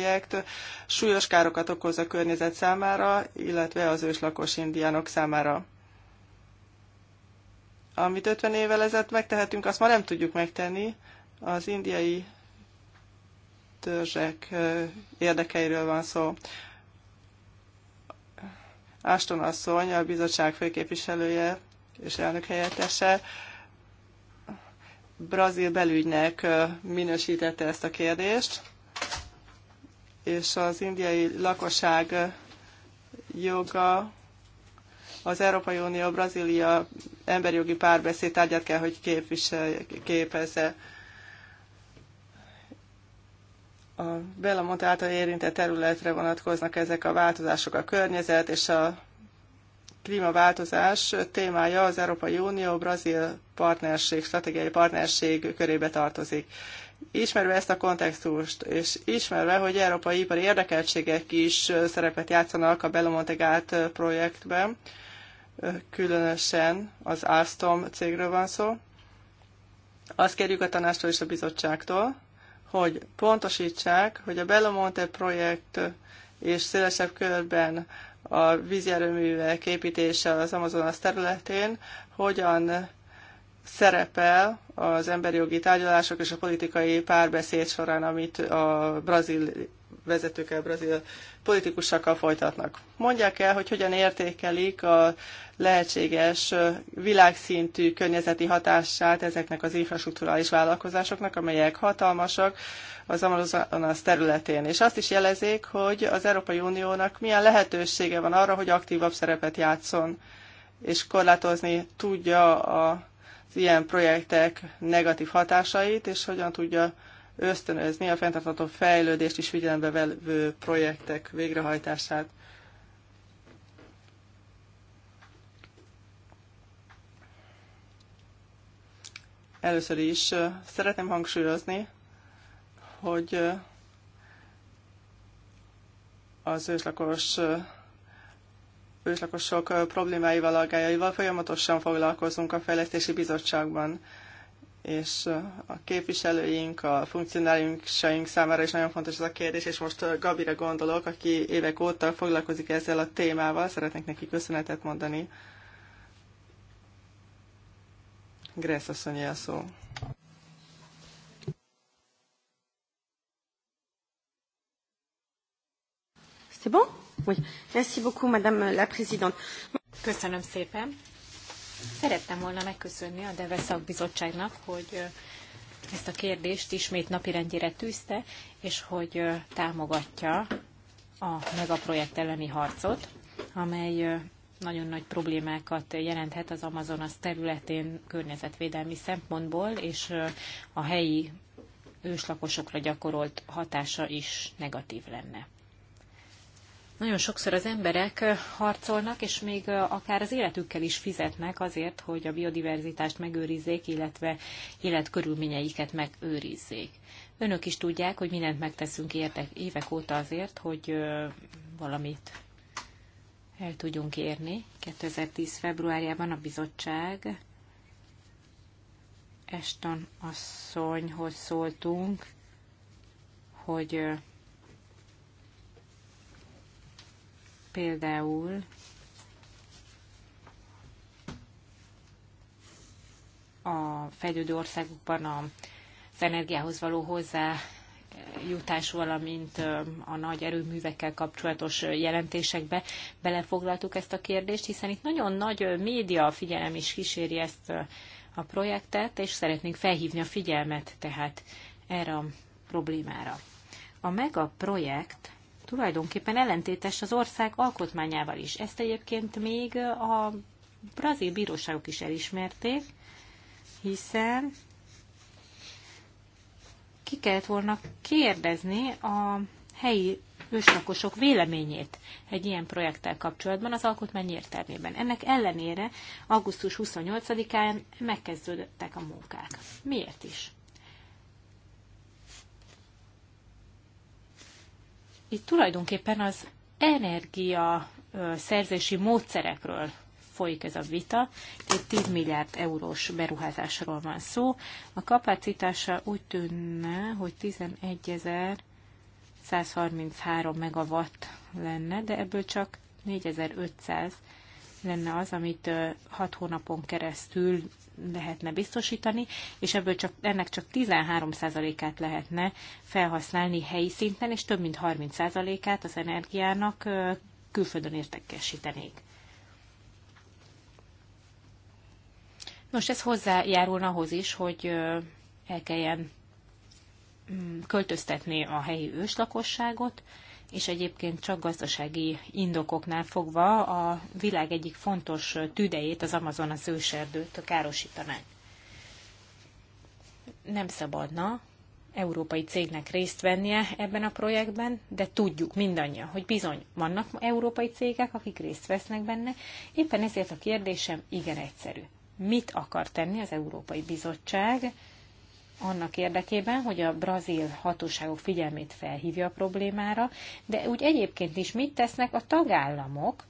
projekt súlyos károkat okoz a környezet számára, illetve az őslakos indiánok számára. Amit 50 évvel ezelőtt megtehetünk, azt ma nem tudjuk megtenni. Az indiai törzsek érdekeiről van szó. Ashton asszony, a bizottság főképviselője és elnök helyettese, brazil belügynek minősítette ezt a kérdést és az indiai lakosság joga az Európai Unió Brazília emberjogi párbeszéd tárgyát kell, hogy képvisel, képezze. A Belamont által érintett területre vonatkoznak ezek a változások, a környezet és a klímaváltozás témája az Európai Unió Brazil partnerség, stratégiai partnerség körébe tartozik. Ismerve ezt a kontextust, és ismerve, hogy európai ipari érdekeltségek is szerepet játszanak a Belomontegát projektben, különösen az Alstom cégről van szó, azt kérjük a tanástól és a bizottságtól, hogy pontosítsák, hogy a Belomonte projekt és szélesebb körben a vízjárőművek építése az Amazonas területén hogyan szerepel az emberi jogi tárgyalások és a politikai párbeszéd során, amit a brazil vezetőkkel, brazil politikusokkal folytatnak. Mondják el, hogy hogyan értékelik a lehetséges világszintű környezeti hatását ezeknek az infrastruktúrális vállalkozásoknak, amelyek hatalmasak az Amazonas területén. És azt is jelezik, hogy az Európai Uniónak milyen lehetősége van arra, hogy aktívabb szerepet játszon, és korlátozni tudja a ilyen projektek negatív hatásait, és hogyan tudja ösztönözni a fenntartható fejlődést is figyelembe vevő projektek végrehajtását. Először is szeretném hangsúlyozni, hogy az őslakos őslakosok problémáival, aggájaival folyamatosan foglalkozunk a Fejlesztési Bizottságban és a képviselőink, a funkcionálisaink számára is nagyon fontos ez a kérdés, és most Gabire gondolok, aki évek óta foglalkozik ezzel a témával, szeretnék neki köszönetet mondani. Grész asszonyi a szó. C'est bon? Oui. Merci beaucoup, Madame la Présidente. Köszönöm szépen. Szerettem volna megköszönni a Deve Szakbizottságnak, hogy ezt a kérdést ismét napirendjére tűzte, és hogy támogatja a megaprojekt elleni harcot, amely nagyon nagy problémákat jelenthet az Amazonas területén környezetvédelmi szempontból, és a helyi őslakosokra gyakorolt hatása is negatív lenne. Nagyon sokszor az emberek harcolnak, és még akár az életükkel is fizetnek azért, hogy a biodiverzitást megőrizzék, illetve életkörülményeiket megőrizzék. Önök is tudják, hogy mindent megteszünk értek, évek óta azért, hogy valamit el tudjunk érni. 2010. februárjában a bizottság Eston asszonyhoz szóltunk, hogy például a fejlődő országokban az energiához való hozzájutás, valamint a nagy erőművekkel kapcsolatos jelentésekbe belefoglaltuk ezt a kérdést, hiszen itt nagyon nagy média figyelem is kíséri ezt a projektet, és szeretnénk felhívni a figyelmet tehát erre a problémára. A MEGA projekt tulajdonképpen ellentétes az ország alkotmányával is. Ezt egyébként még a brazil bíróságok is elismerték, hiszen ki kellett volna kérdezni a helyi őslakosok véleményét egy ilyen projekttel kapcsolatban az alkotmány értelmében. Ennek ellenére augusztus 28-án megkezdődtek a munkák. Miért is? itt tulajdonképpen az energia szerzési módszerekről folyik ez a vita. Itt 10 milliárd eurós beruházásról van szó. A kapacitása úgy tűnne, hogy 11.133 megawatt lenne, de ebből csak 4500 lenne az, amit 6 hónapon keresztül lehetne biztosítani, és ebből csak, ennek csak 13%-át lehetne felhasználni helyi szinten, és több mint 30%-át az energiának külföldön értekesítenék. Nos, ez hozzájárul ahhoz is, hogy el kelljen mm, költöztetni a helyi őslakosságot, és egyébként csak gazdasági indokoknál fogva a világ egyik fontos tüdejét, az Amazonas őserdőt károsítanák. Nem szabadna európai cégnek részt vennie ebben a projektben, de tudjuk mindannyian, hogy bizony vannak európai cégek, akik részt vesznek benne. Éppen ezért a kérdésem igen egyszerű. Mit akar tenni az Európai Bizottság annak érdekében, hogy a brazil hatóságok figyelmét felhívja a problémára, de úgy egyébként is mit tesznek a tagállamok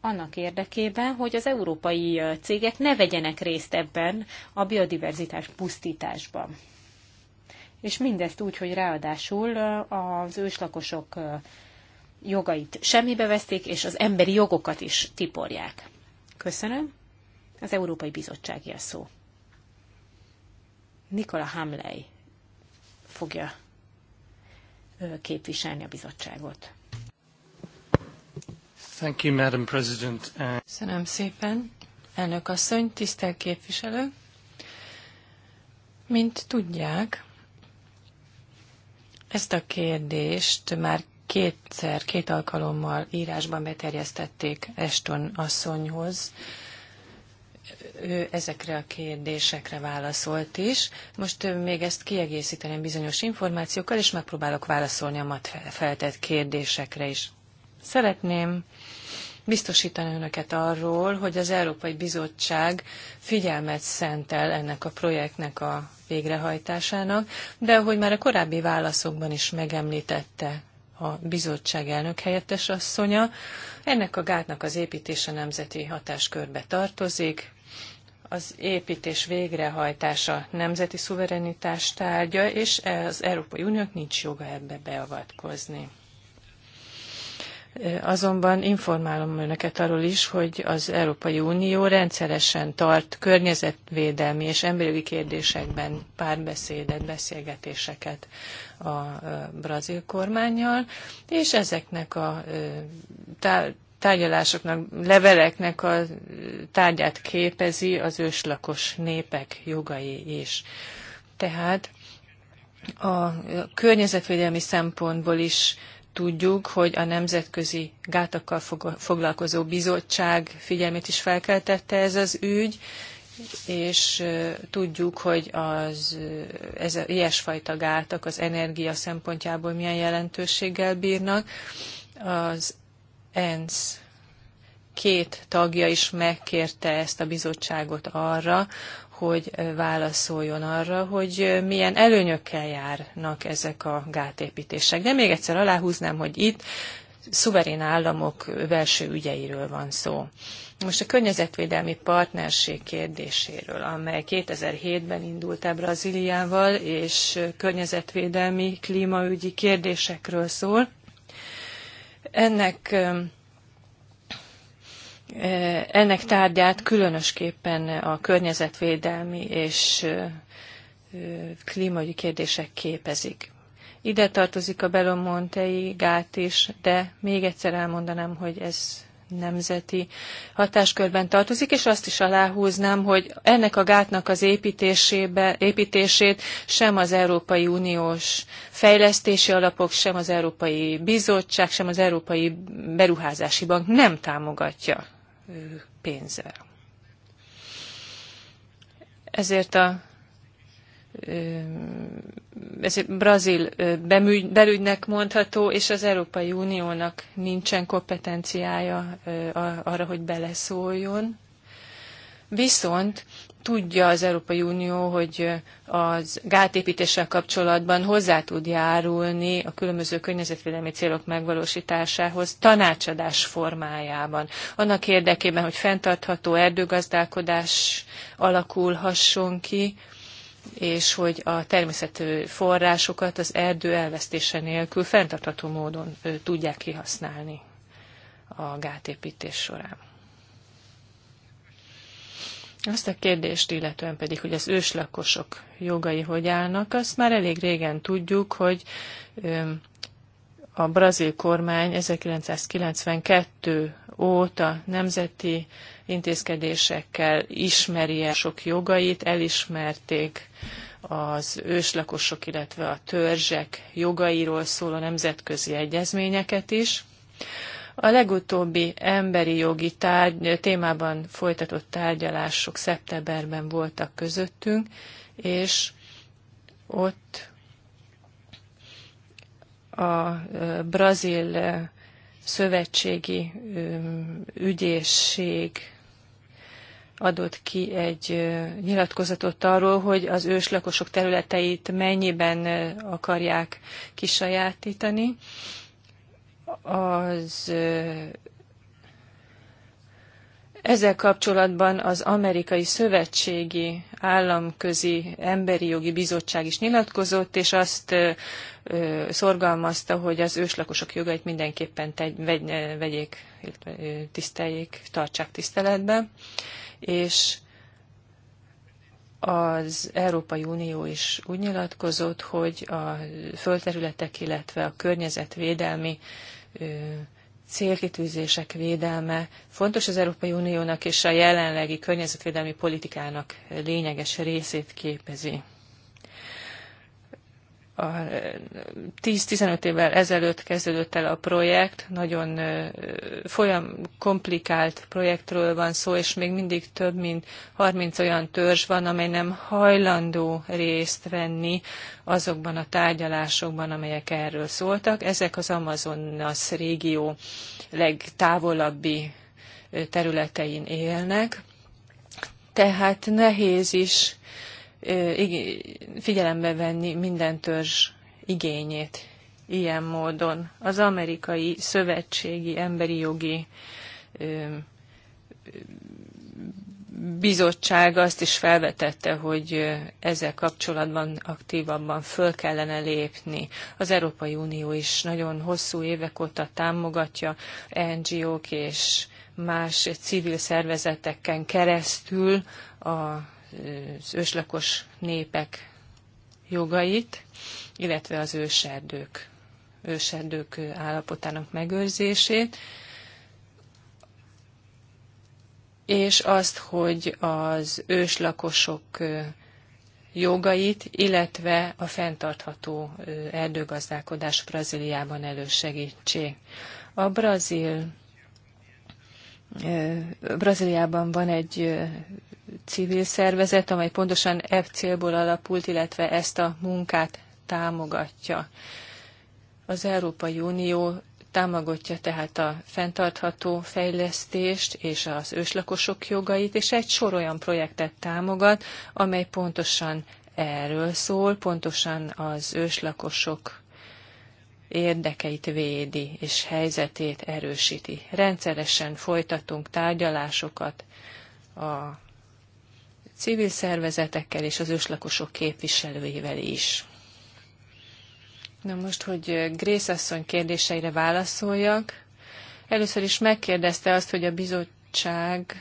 annak érdekében, hogy az európai cégek ne vegyenek részt ebben a biodiverzitás pusztításban. És mindezt úgy, hogy ráadásul az őslakosok jogait semmibe veszték, és az emberi jogokat is tiporják. Köszönöm. Az Európai Bizottsági a szó. Nikola Hamley fogja képviselni a bizottságot. Thank you, Madam President. Köszönöm szépen, elnök asszony, tisztelt képviselő. Mint tudják, ezt a kérdést már kétszer, két alkalommal írásban beterjesztették Eston asszonyhoz ő ezekre a kérdésekre válaszolt is. Most még ezt kiegészíteném bizonyos információkkal, és megpróbálok válaszolni a mat feltett kérdésekre is. Szeretném biztosítani önöket arról, hogy az Európai Bizottság figyelmet szentel ennek a projektnek a végrehajtásának, de ahogy már a korábbi válaszokban is megemlítette a bizottság elnök helyettes asszonya, ennek a gátnak az építése nemzeti hatáskörbe tartozik, az építés végrehajtása nemzeti szuverenitás tárgya, és az Európai Uniók nincs joga ebbe beavatkozni. Azonban informálom önöket arról is, hogy az Európai Unió rendszeresen tart környezetvédelmi és emberi kérdésekben párbeszédet, beszélgetéseket a brazil kormányjal, és ezeknek a tárgyalásoknak, leveleknek a tárgyát képezi az őslakos népek jogai is. Tehát a környezetvédelmi szempontból is tudjuk, hogy a Nemzetközi Gátakkal Foglalkozó Bizottság figyelmét is felkeltette ez az ügy, és tudjuk, hogy az, ez, ilyesfajta gátak az energia szempontjából milyen jelentőséggel bírnak. Az ENSZ két tagja is megkérte ezt a bizottságot arra, hogy válaszoljon arra, hogy milyen előnyökkel járnak ezek a gátépítések. De még egyszer aláhúznám, hogy itt szuverén államok belső ügyeiről van szó. Most a környezetvédelmi partnerség kérdéséről, amely 2007-ben indult el Brazíliával, és környezetvédelmi, klímaügyi kérdésekről szól. Ennek ennek tárgyát különösképpen a környezetvédelmi és klímai kérdések képezik. Ide tartozik a Belomontei gát is, de még egyszer elmondanám, hogy ez nemzeti hatáskörben tartozik, és azt is aláhúznám, hogy ennek a gátnak az építésébe, építését sem az Európai Uniós fejlesztési alapok, sem az Európai Bizottság, sem az Európai Beruházási Bank nem támogatja pénzzel. Ezért a ez brazil belügynek mondható, és az Európai Uniónak nincsen kompetenciája arra, hogy beleszóljon. Viszont tudja az Európai Unió, hogy az gátépítéssel kapcsolatban hozzá tud járulni a különböző környezetvédelmi célok megvalósításához tanácsadás formájában. Annak érdekében, hogy fenntartható erdőgazdálkodás alakulhasson ki, és hogy a természetű forrásokat az erdő elvesztése nélkül fenntartható módon tudják kihasználni a gátépítés során. Azt a kérdést illetően pedig, hogy az őslakosok jogai hogy állnak, azt már elég régen tudjuk, hogy a brazil kormány 1992 óta nemzeti intézkedésekkel ismeri el sok jogait, elismerték az őslakosok, illetve a törzsek jogairól szóló nemzetközi egyezményeket is. A legutóbbi emberi jogi tárgy, témában folytatott tárgyalások szeptemberben voltak közöttünk, és ott a brazil szövetségi ügyészség adott ki egy nyilatkozatot arról, hogy az őslakosok területeit mennyiben akarják kisajátítani. Az ezzel kapcsolatban az amerikai szövetségi államközi emberi jogi bizottság is nyilatkozott, és azt ö, szorgalmazta, hogy az őslakosok jogait mindenképpen tegy, vegy, vegyék, tiszteljék, tartsák tiszteletben és az Európai Unió is úgy nyilatkozott, hogy a földterületek, illetve a környezetvédelmi célkitűzések védelme fontos az Európai Uniónak és a jelenlegi környezetvédelmi politikának lényeges részét képezi a 10-15 eh, évvel ezelőtt kezdődött el a projekt, nagyon eh, folyam komplikált projektről van szó, és még mindig több mint 30 olyan törzs van, amely nem hajlandó részt venni azokban a tárgyalásokban, amelyek erről szóltak. Ezek az Amazonas régió legtávolabbi eh, területein élnek, tehát nehéz is figyelembe venni minden törzs igényét ilyen módon. Az amerikai szövetségi emberi jogi bizottság azt is felvetette, hogy ezzel kapcsolatban aktívabban föl kellene lépni. Az Európai Unió is nagyon hosszú évek óta támogatja NGO-k és más civil szervezeteken keresztül a az őslakos népek jogait, illetve az őserdők, őserdők állapotának megőrzését, és azt, hogy az őslakosok jogait, illetve a fenntartható erdőgazdálkodás Brazíliában elősegítsék. A brazil Brazíliában van egy civil szervezet, amely pontosan e célból alapult, illetve ezt a munkát támogatja. Az Európai Unió támogatja tehát a fenntartható fejlesztést és az őslakosok jogait, és egy sor olyan projektet támogat, amely pontosan erről szól, pontosan az őslakosok érdekeit védi és helyzetét erősíti. Rendszeresen folytatunk tárgyalásokat a civil szervezetekkel és az őslakosok képviselőivel is. Na most, hogy Grész asszony kérdéseire válaszoljak. Először is megkérdezte azt, hogy a bizottság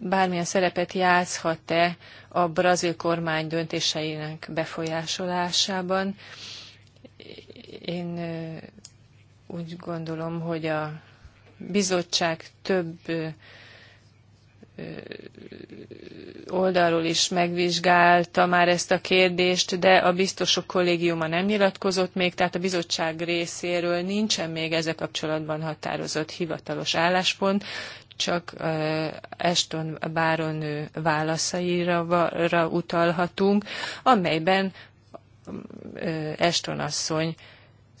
bármilyen szerepet játszhat-e a brazil kormány döntéseinek befolyásolásában. Én úgy gondolom, hogy a bizottság több oldalról is megvizsgálta már ezt a kérdést, de a biztosok kollégiuma nem nyilatkozott még, tehát a bizottság részéről nincsen még ezzel kapcsolatban határozott hivatalos álláspont, csak Eston Báron válaszaira utalhatunk, amelyben Eston asszony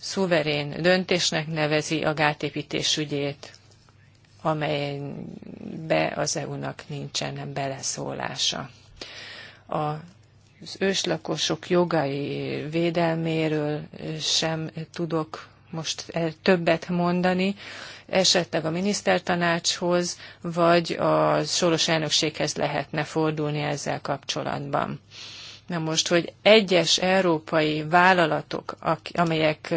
szuverén döntésnek nevezi a gátépítés ügyét, amelybe az EU-nak nincsen beleszólása. Az őslakosok jogai védelméről sem tudok most e- többet mondani, esetleg a minisztertanácshoz, vagy a soros elnökséghez lehetne fordulni ezzel kapcsolatban. Na most, hogy egyes európai vállalatok, amelyek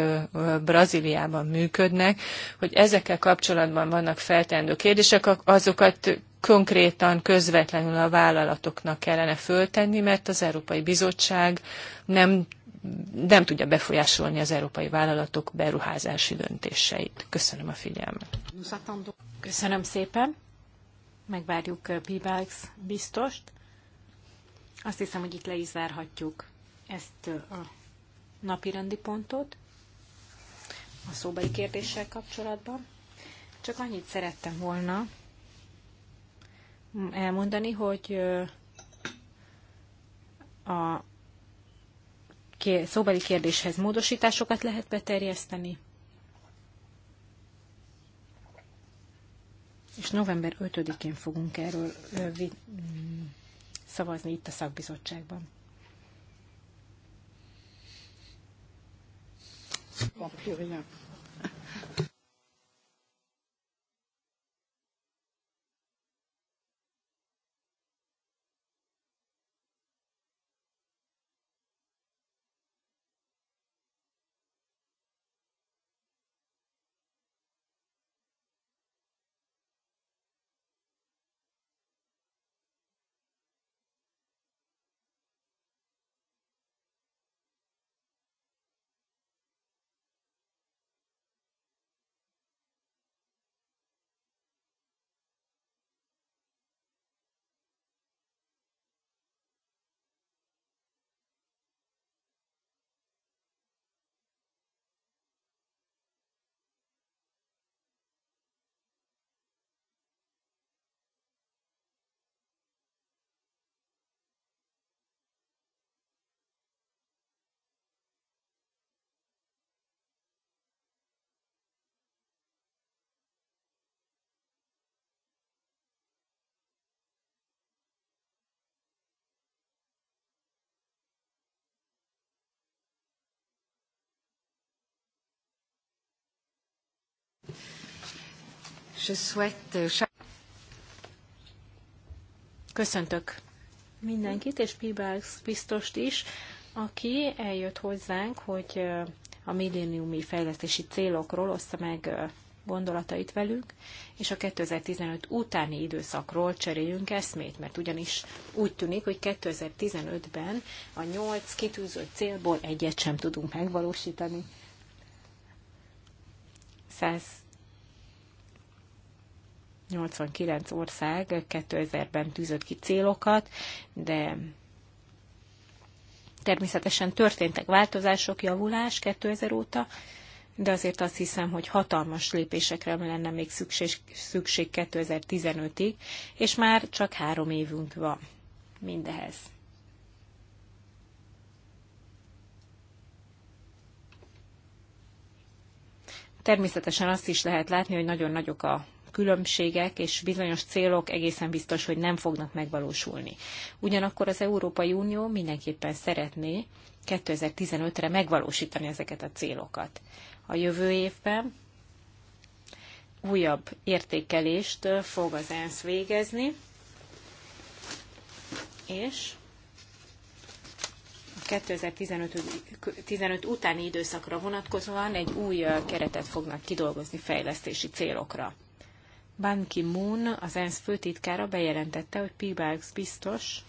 Brazíliában működnek, hogy ezekkel kapcsolatban vannak feltendő kérdések, azokat konkrétan, közvetlenül a vállalatoknak kellene föltenni, mert az Európai Bizottság nem, nem tudja befolyásolni az európai vállalatok beruházási döntéseit. Köszönöm a figyelmet. Köszönöm szépen. Megvárjuk Bibax biztost. Azt hiszem, hogy itt le is zárhatjuk ezt a napi rendi pontot a szóbeli kérdéssel kapcsolatban. Csak annyit szerettem volna elmondani, hogy a szóbeli kérdéshez módosításokat lehet beterjeszteni, és november 5-én fogunk erről szavazni itt a szakbizottságban. Euh, Köszöntök mindenkit, és Pibax biztost is, aki eljött hozzánk, hogy uh, a milléniumi fejlesztési célokról oszta meg uh, gondolatait velünk, és a 2015 utáni időszakról cseréljünk eszmét, mert ugyanis úgy tűnik, hogy 2015-ben a nyolc kitűzött célból egyet sem tudunk megvalósítani. 100 89 ország 2000-ben tűzött ki célokat, de természetesen történtek változások, javulás 2000 óta, de azért azt hiszem, hogy hatalmas lépésekre lenne még szükség, szükség 2015-ig, és már csak három évünk van mindehez. Természetesen azt is lehet látni, hogy nagyon nagyok a különbségek és bizonyos célok egészen biztos, hogy nem fognak megvalósulni. Ugyanakkor az Európai Unió mindenképpen szeretné 2015-re megvalósítani ezeket a célokat. A jövő évben újabb értékelést fog az ENSZ végezni, és a 2015 utáni időszakra vonatkozóan egy új keretet fognak kidolgozni fejlesztési célokra. Ban Ki-moon, az ENSZ főtitkára bejelentette, hogy Peebles biztos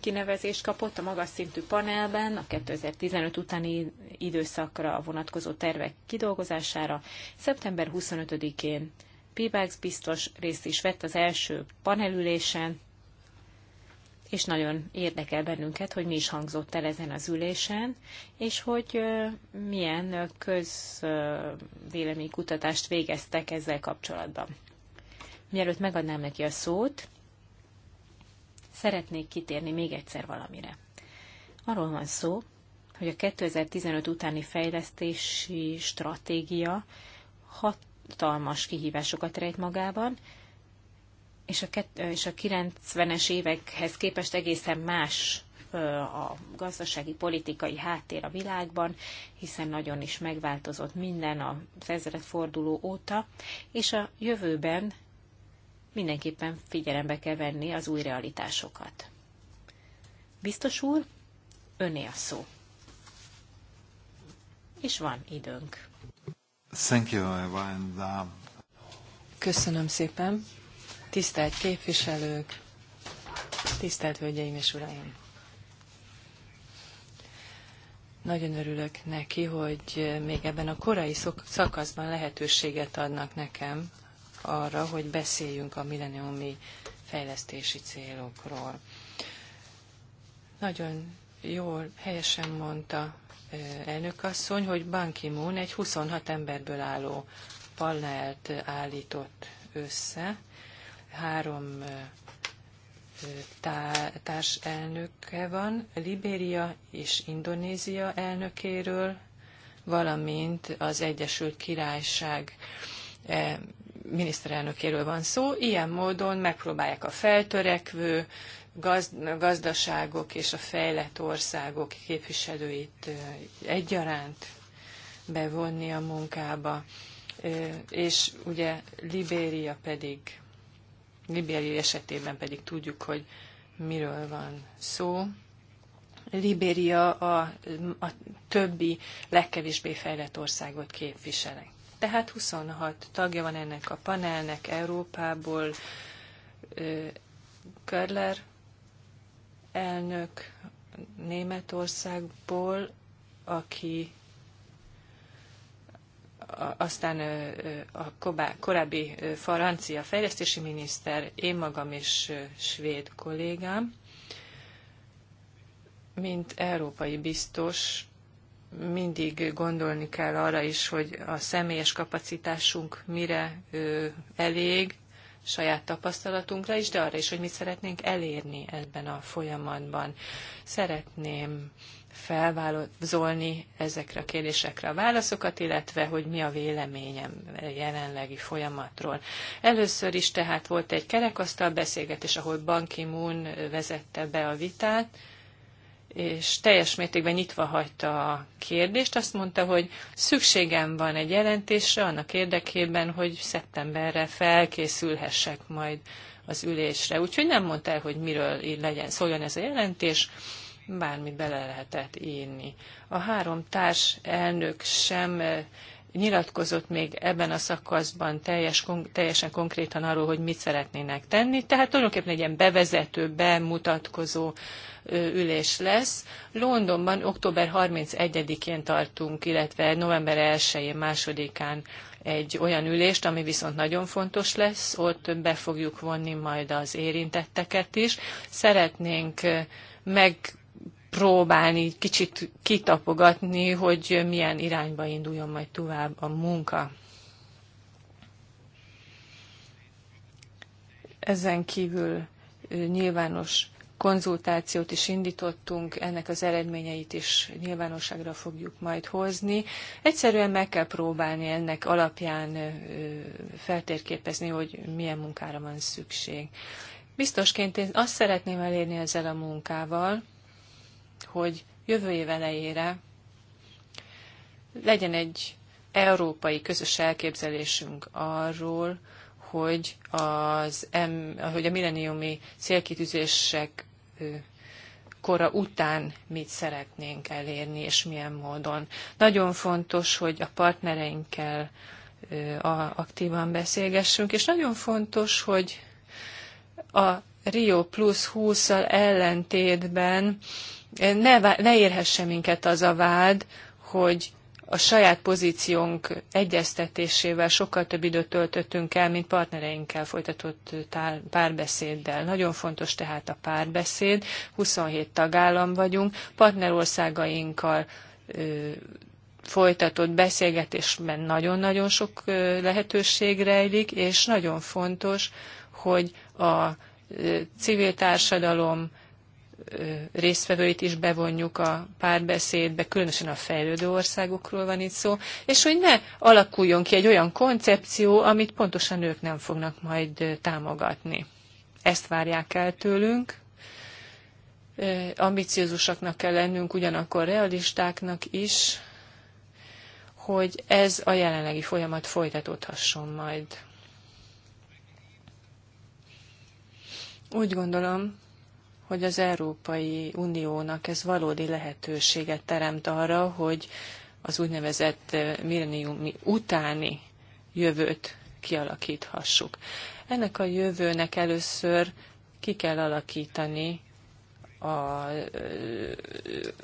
kinevezést kapott a magas szintű panelben a 2015 utáni időszakra vonatkozó tervek kidolgozására. Szeptember 25-én Peebles biztos részt is vett az első panelülésen, és nagyon érdekel bennünket, hogy mi is hangzott el ezen az ülésen, és hogy milyen közvéleménykutatást végeztek ezzel kapcsolatban. Mielőtt megadnám neki a szót, szeretnék kitérni még egyszer valamire. Arról van szó, hogy a 2015 utáni fejlesztési stratégia hatalmas kihívásokat rejt magában, és a, és a 90-es évekhez képest egészen más a gazdasági, politikai háttér a világban, hiszen nagyon is megváltozott minden a ezeret forduló óta, és a jövőben mindenképpen figyelembe kell venni az új realitásokat. Biztos úr, öné a szó. És van időnk. Thank you, Eva, and, uh, Köszönöm szépen. Tisztelt képviselők, tisztelt hölgyeim és uraim! Nagyon örülök neki, hogy még ebben a korai szakaszban lehetőséget adnak nekem arra, hogy beszéljünk a milleniumi fejlesztési célokról. Nagyon jól, helyesen mondta elnökasszony, hogy Ban Ki-moon egy 26 emberből álló panelt állított össze, három társelnöke van, Libéria és Indonézia elnökéről, valamint az Egyesült Királyság miniszterelnökéről van szó. Ilyen módon megpróbálják a feltörekvő gazdaságok és a fejlett országok képviselőit egyaránt bevonni a munkába. És ugye Libéria pedig Libériai esetében pedig tudjuk, hogy miről van szó. Libéria a, a többi legkevésbé fejlett országot képviseli. Tehát 26 tagja van ennek a panelnek Európából. Körler elnök Németországból, aki aztán a korábbi francia fejlesztési miniszter, én magam és svéd kollégám, mint európai biztos mindig gondolni kell arra is, hogy a személyes kapacitásunk mire elég, saját tapasztalatunkra is, de arra is, hogy mit szeretnénk elérni ebben a folyamatban. Szeretném felvázolni ezekre a kérdésekre a válaszokat, illetve hogy mi a véleményem jelenlegi folyamatról. Először is tehát volt egy kerekasztal beszélgetés, ahol Ban Ki-moon vezette be a vitát, és teljes mértékben nyitva hagyta a kérdést. Azt mondta, hogy szükségem van egy jelentésre annak érdekében, hogy szeptemberre felkészülhessek majd az ülésre. Úgyhogy nem mondta el, hogy miről legyen szóljon ez a jelentés bármit bele lehetett írni. A három társ elnök sem eh, nyilatkozott még ebben a szakaszban teljes, teljesen konkrétan arról, hogy mit szeretnének tenni. Tehát tulajdonképpen egy ilyen bevezető, bemutatkozó ülés lesz. Londonban október 31-én tartunk, illetve november 1-én, másodikán egy olyan ülést, ami viszont nagyon fontos lesz, ott be fogjuk vonni majd az érintetteket is. Szeretnénk meg próbálni kicsit kitapogatni, hogy milyen irányba induljon majd tovább a munka. Ezen kívül nyilvános konzultációt is indítottunk, ennek az eredményeit is nyilvánosságra fogjuk majd hozni. Egyszerűen meg kell próbálni ennek alapján feltérképezni, hogy milyen munkára van szükség. Biztosként én azt szeretném elérni ezzel a munkával, hogy jövő év elejére legyen egy európai közös elképzelésünk arról, hogy, az, hogy a milleniumi célkitűzések kora után mit szeretnénk elérni, és milyen módon. Nagyon fontos, hogy a partnereinkkel aktívan beszélgessünk, és nagyon fontos, hogy a Rio Plus 20-al ellentétben ne, ne érhesse minket az a vád, hogy a saját pozíciónk egyeztetésével sokkal több időt töltöttünk el, mint partnereinkkel folytatott tár, párbeszéddel. Nagyon fontos tehát a párbeszéd. 27 tagállam vagyunk, partnerországainkkal ö, folytatott beszélgetésben nagyon-nagyon sok ö, lehetőség rejlik, és nagyon fontos, hogy a ö, civil társadalom, résztvevőit is bevonjuk a párbeszédbe, különösen a fejlődő országokról van itt szó, és hogy ne alakuljon ki egy olyan koncepció, amit pontosan ők nem fognak majd támogatni. Ezt várják el tőlünk. Ambiciózusaknak kell lennünk, ugyanakkor realistáknak is, hogy ez a jelenlegi folyamat folytatódhasson majd. Úgy gondolom, hogy az Európai Uniónak ez valódi lehetőséget teremt arra, hogy az úgynevezett eh, milleniumi utáni jövőt kialakíthassuk. Ennek a jövőnek először ki kell alakítani a eh,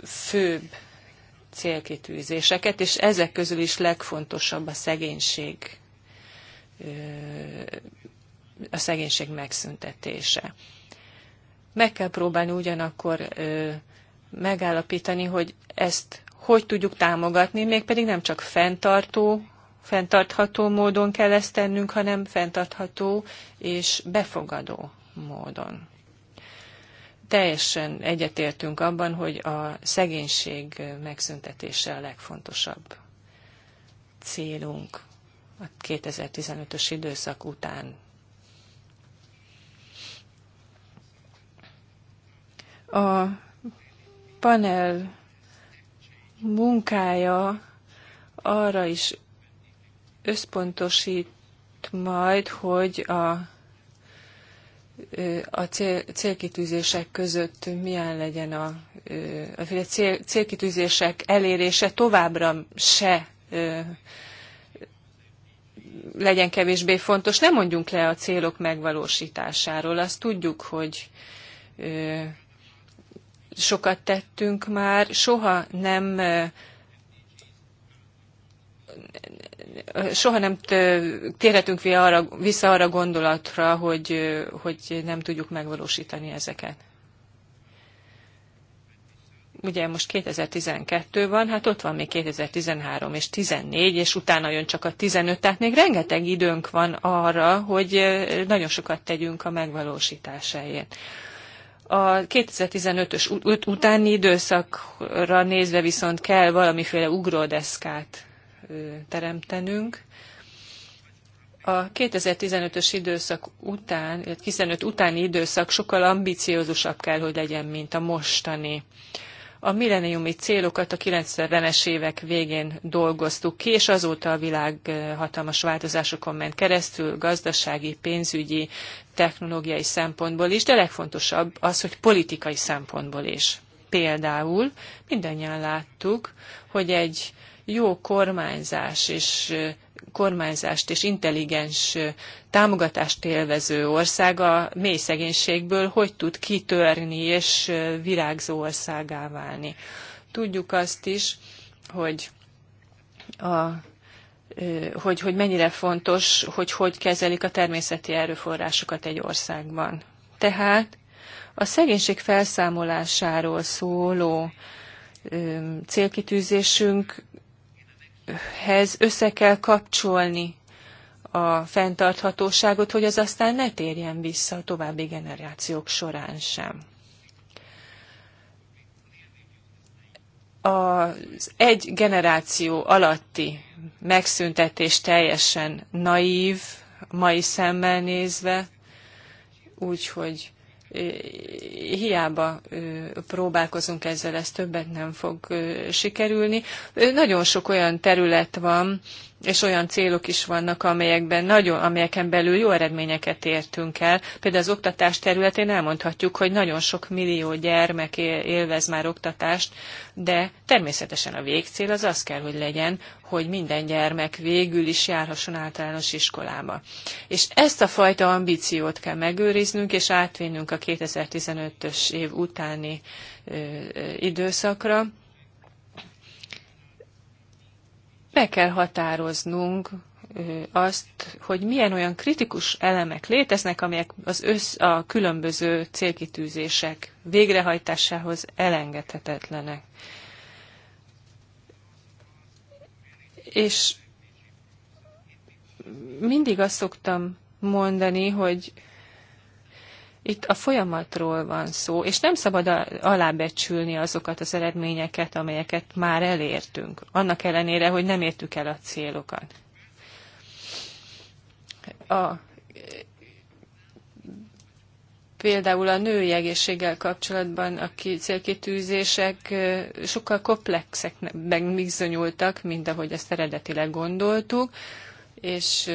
főbb célkitűzéseket, és ezek közül is legfontosabb a szegénység eh, a szegénység megszüntetése. Meg kell próbálni ugyanakkor megállapítani, hogy ezt hogy tudjuk támogatni, mégpedig nem csak fenntartó, fenntartható módon kell ezt tennünk, hanem fenntartható és befogadó módon. Teljesen egyetértünk abban, hogy a szegénység megszüntetése a legfontosabb célunk a 2015-ös időszak után A panel munkája arra is összpontosít majd, hogy a, a cél, célkitűzések között milyen legyen a, a cél, célkitűzések elérése továbbra se legyen kevésbé fontos. Nem mondjunk le a célok megvalósításáról. Azt tudjuk, hogy sokat tettünk már, soha nem soha nem térhetünk vissza arra gondolatra, hogy, hogy nem tudjuk megvalósítani ezeket. Ugye most 2012 van, hát ott van még 2013 és 14, és utána jön csak a 15, tehát még rengeteg időnk van arra, hogy nagyon sokat tegyünk a megvalósításáért. A 2015-ös ut- utáni időszakra nézve viszont kell valamiféle ugródeszkát teremtenünk. A 2015-ös időszak után, 15 utáni időszak sokkal ambiciózusabb kell, hogy legyen, mint a mostani. A milleniumi célokat a 90-es évek végén dolgoztuk ki, és azóta a világ hatalmas változásokon ment keresztül, gazdasági, pénzügyi, technológiai szempontból is, de legfontosabb az, hogy politikai szempontból is. Például mindannyian láttuk, hogy egy jó kormányzás és kormányzást és intelligens támogatást élvező ország a mély szegénységből hogy tud kitörni és virágzó országá válni. Tudjuk azt is, hogy a hogy, hogy mennyire fontos, hogy hogy kezelik a természeti erőforrásokat egy országban. Tehát a szegénység felszámolásáról szóló célkitűzésünk hez össze kell kapcsolni a fenntarthatóságot, hogy az aztán ne térjen vissza a további generációk során sem. Az egy generáció alatti megszüntetés teljesen naív, mai szemmel nézve, úgyhogy hiába próbálkozunk ezzel, ez többet nem fog sikerülni. Nagyon sok olyan terület van, és olyan célok is vannak, amelyekben nagyon, amelyeken belül jó eredményeket értünk el. Például az oktatás területén elmondhatjuk, hogy nagyon sok millió gyermek élvez már oktatást, de természetesen a végcél az az kell, hogy legyen, hogy minden gyermek végül is járhasson általános iskolába. És ezt a fajta ambíciót kell megőriznünk, és átvinnünk a 2015-ös év utáni ö, ö, időszakra meg kell határoznunk azt, hogy milyen olyan kritikus elemek léteznek, amelyek az össz, a különböző célkitűzések végrehajtásához elengedhetetlenek. És mindig azt szoktam mondani, hogy itt a folyamatról van szó, és nem szabad alábecsülni azokat az eredményeket, amelyeket már elértünk, annak ellenére, hogy nem értük el a célokat. A, például a női egészséggel kapcsolatban a célkitűzések sokkal komplexeknek bizonyultak, mint ahogy ezt eredetileg gondoltuk, és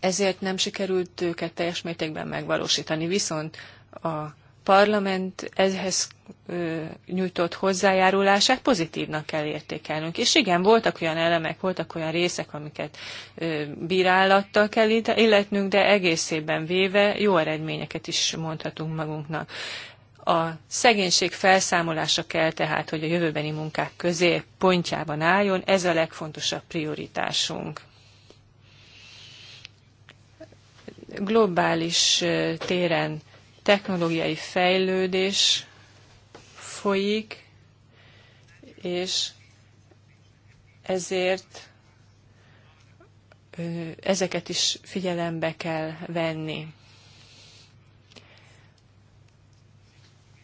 ezért nem sikerült őket teljes mértékben megvalósítani. Viszont a parlament ehhez ö, nyújtott hozzájárulását pozitívnak kell értékelnünk. És igen, voltak olyan elemek, voltak olyan részek, amiket ö, bírálattal kell illetnünk, de egészében véve jó eredményeket is mondhatunk magunknak. A szegénység felszámolása kell tehát, hogy a jövőbeni munkák közé pontjában álljon, ez a legfontosabb prioritásunk. globális téren technológiai fejlődés folyik, és ezért ezeket is figyelembe kell venni.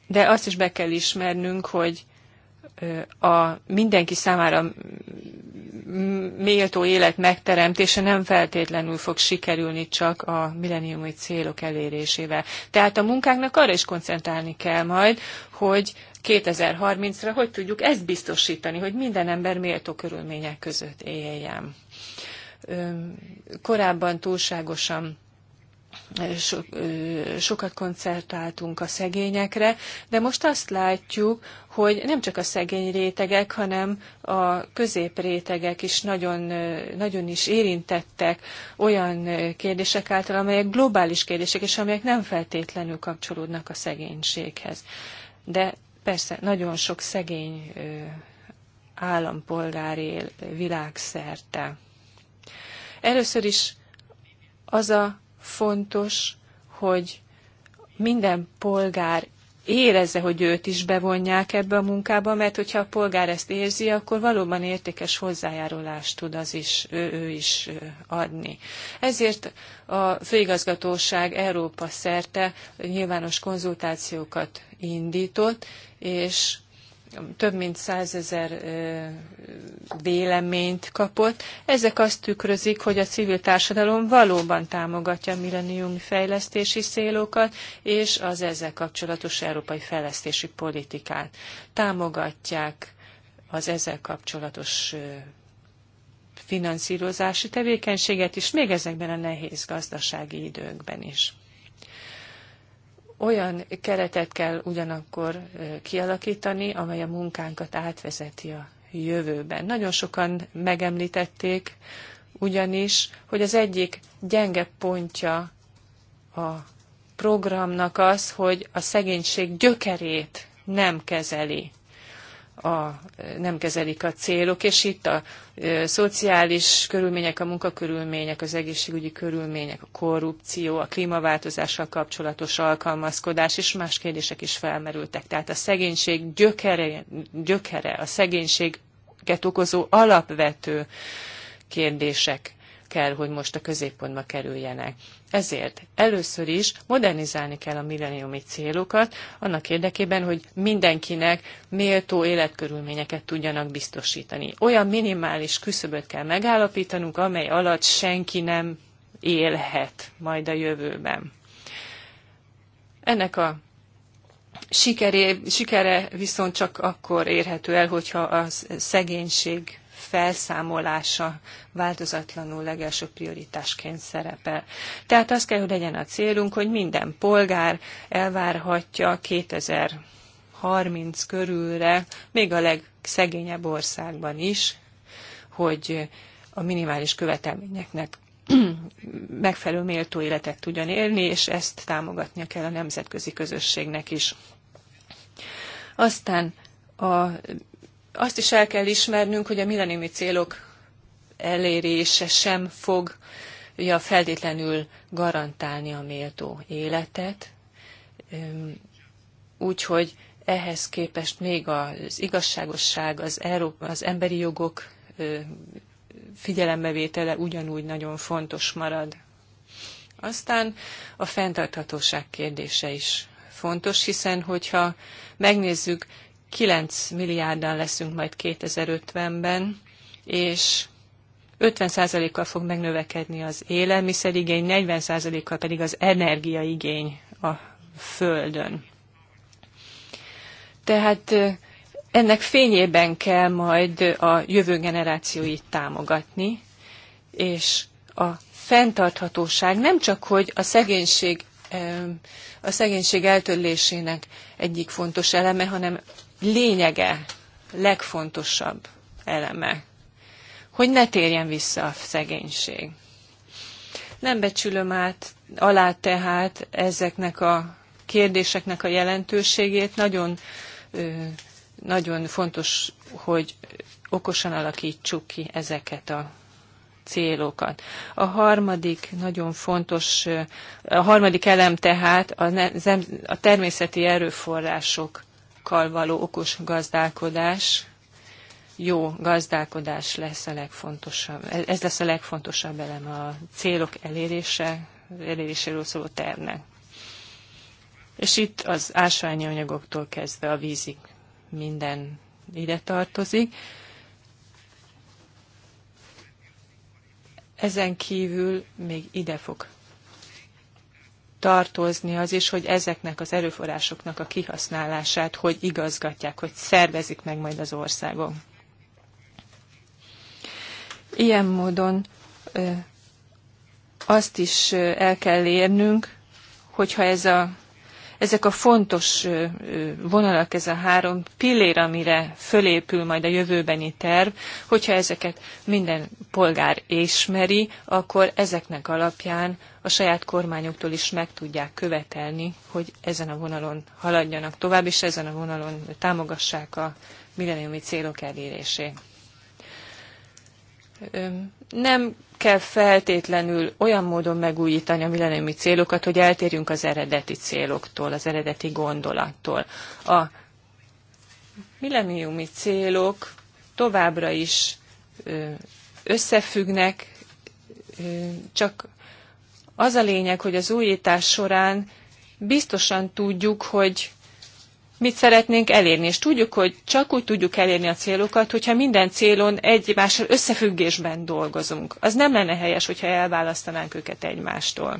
De azt is be kell ismernünk, hogy a mindenki számára méltó élet megteremtése nem feltétlenül fog sikerülni csak a milleniumi célok elérésével. Tehát a munkáknak arra is koncentrálni kell majd, hogy 2030-ra hogy tudjuk ezt biztosítani, hogy minden ember méltó körülmények között éljen. Korábban túlságosan sokat koncertáltunk a szegényekre, de most azt látjuk, hogy nem csak a szegény rétegek, hanem a középrétegek is nagyon, nagyon is érintettek olyan kérdések által, amelyek globális kérdések, és amelyek nem feltétlenül kapcsolódnak a szegénységhez. De persze nagyon sok szegény állampolgár él világszerte. Először is az a fontos, hogy minden polgár érezze, hogy őt is bevonják ebbe a munkába, mert hogyha a polgár ezt érzi, akkor valóban értékes hozzájárulást tud az is, ő, ő is adni. Ezért a főigazgatóság Európa szerte nyilvános konzultációkat indított, és több mint százezer véleményt kapott. Ezek azt tükrözik, hogy a civil társadalom valóban támogatja a milleniumi fejlesztési szélókat és az ezzel kapcsolatos európai fejlesztési politikát. Támogatják az ezzel kapcsolatos finanszírozási tevékenységet is, még ezekben a nehéz gazdasági időkben is olyan keretet kell ugyanakkor kialakítani, amely a munkánkat átvezeti a jövőben. Nagyon sokan megemlítették ugyanis, hogy az egyik gyenge pontja a programnak az, hogy a szegénység gyökerét nem kezeli a, nem kezelik a célok, és itt a e, szociális körülmények, a munkakörülmények, az egészségügyi körülmények, a korrupció, a klímaváltozással kapcsolatos alkalmazkodás és más kérdések is felmerültek. Tehát a szegénység gyökere, gyökere a szegénységet okozó alapvető kérdések kell, hogy most a középpontba kerüljenek. Ezért először is modernizálni kell a milleniumi célokat, annak érdekében, hogy mindenkinek méltó életkörülményeket tudjanak biztosítani. Olyan minimális küszöböt kell megállapítanunk, amely alatt senki nem élhet majd a jövőben. Ennek a sikeré, sikere viszont csak akkor érhető el, hogyha a szegénység felszámolása változatlanul legelső prioritásként szerepel. Tehát az kell, hogy legyen a célunk, hogy minden polgár elvárhatja 2030 körülre, még a legszegényebb országban is, hogy a minimális követelményeknek megfelelő méltó életet tudjon élni, és ezt támogatnia kell a nemzetközi közösségnek is. Aztán a azt is el kell ismernünk, hogy a millenniumi célok elérése sem fogja feltétlenül garantálni a méltó életet, úgyhogy ehhez képest még az igazságosság, az, az emberi jogok figyelembevétele ugyanúgy nagyon fontos marad. Aztán a fenntarthatóság kérdése is fontos, hiszen hogyha megnézzük 9 milliárdan leszünk majd 2050-ben, és 50%-kal fog megnövekedni az élelmiszerigény, 40%-kal pedig az energiaigény a Földön. Tehát ennek fényében kell majd a jövő generációit támogatni, és a fenntarthatóság nem csak, hogy a szegénység, a szegénység eltörlésének egyik fontos eleme, hanem lényege, legfontosabb eleme, hogy ne térjen vissza a szegénység. Nem becsülöm át, alá tehát ezeknek a kérdéseknek a jelentőségét. Nagyon, nagyon fontos, hogy okosan alakítsuk ki ezeket a célokat. A harmadik nagyon fontos, a harmadik elem tehát a, a természeti erőforrások hulladékkal való okos gazdálkodás, jó gazdálkodás lesz a legfontosabb. Ez lesz a legfontosabb elem a célok elérése, eléréséről szóló tervnek. És itt az ásványi anyagoktól kezdve a vízig minden ide tartozik. Ezen kívül még ide fog tartozni az is, hogy ezeknek az erőforrásoknak a kihasználását hogy igazgatják, hogy szervezik meg majd az országon. Ilyen módon azt is el kell érnünk, hogyha ez a ezek a fontos vonalak, ez a három pillér, amire fölépül majd a jövőbeni terv, hogyha ezeket minden polgár ismeri, akkor ezeknek alapján a saját kormányoktól is meg tudják követelni, hogy ezen a vonalon haladjanak tovább, és ezen a vonalon támogassák a milleniumi célok elérését. Nem kell feltétlenül olyan módon megújítani a millenniumi célokat, hogy eltérjünk az eredeti céloktól, az eredeti gondolattól. A millenniumi célok továbbra is összefüggnek, csak az a lényeg, hogy az újítás során biztosan tudjuk, hogy mit szeretnénk elérni. És tudjuk, hogy csak úgy tudjuk elérni a célokat, hogyha minden célon egymással összefüggésben dolgozunk. Az nem lenne helyes, hogyha elválasztanánk őket egymástól.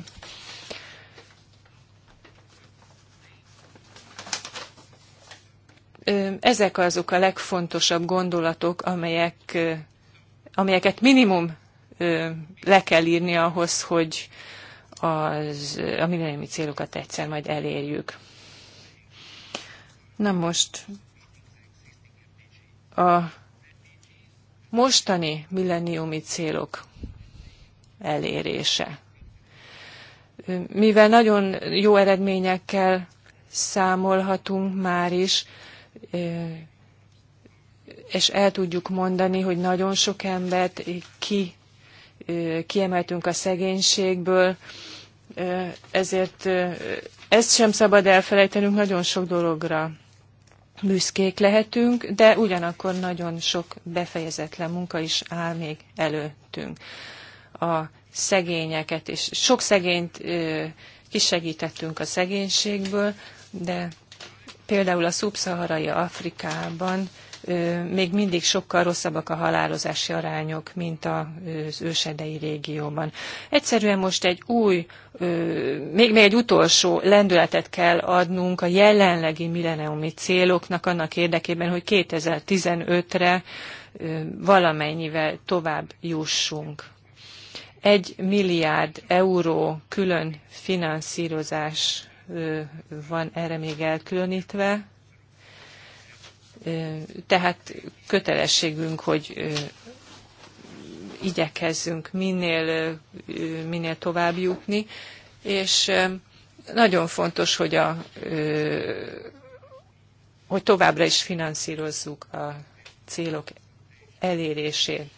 Ezek azok a legfontosabb gondolatok, amelyek, amelyeket minimum le kell írni ahhoz, hogy az, a milleniumi célokat egyszer majd elérjük. Na most a mostani milleniumi célok elérése. Mivel nagyon jó eredményekkel számolhatunk már is, és el tudjuk mondani, hogy nagyon sok embert ki, kiemeltünk a szegénységből, ezért ezt sem szabad elfelejtenünk, nagyon sok dologra büszkék lehetünk, de ugyanakkor nagyon sok befejezetlen munka is áll még előttünk. A szegényeket, és sok szegényt kisegítettünk a szegénységből, de például a szubszaharai Afrikában még mindig sokkal rosszabbak a halálozási arányok, mint az ősedei régióban. Egyszerűen most egy új, még, még egy utolsó lendületet kell adnunk a jelenlegi milleniumi céloknak annak érdekében, hogy 2015-re valamennyivel tovább jussunk. Egy milliárd euró külön finanszírozás van erre még elkülönítve, tehát kötelességünk, hogy igyekezzünk minél, minél tovább jutni, és nagyon fontos, hogy, a, hogy továbbra is finanszírozzuk a célok elérését.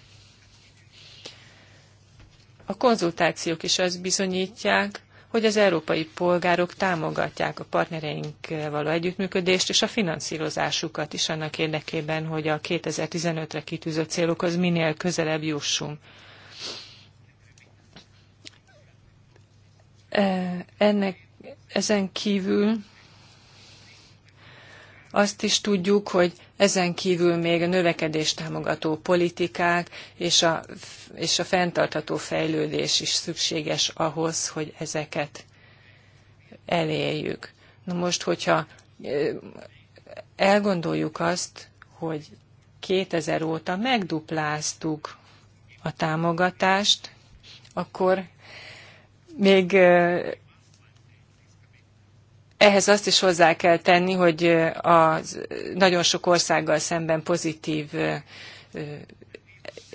A konzultációk is azt bizonyítják, hogy az európai polgárok támogatják a partnereinkkel való együttműködést és a finanszírozásukat is annak érdekében, hogy a 2015-re kitűzött célokhoz minél közelebb jussunk. E, ennek ezen kívül azt is tudjuk, hogy ezen kívül még a növekedést támogató politikák és a, és a fenntartható fejlődés is szükséges ahhoz, hogy ezeket elérjük. Na most, hogyha elgondoljuk azt, hogy 2000 óta megdupláztuk a támogatást, akkor még ehhez azt is hozzá kell tenni, hogy a nagyon sok országgal szemben pozitív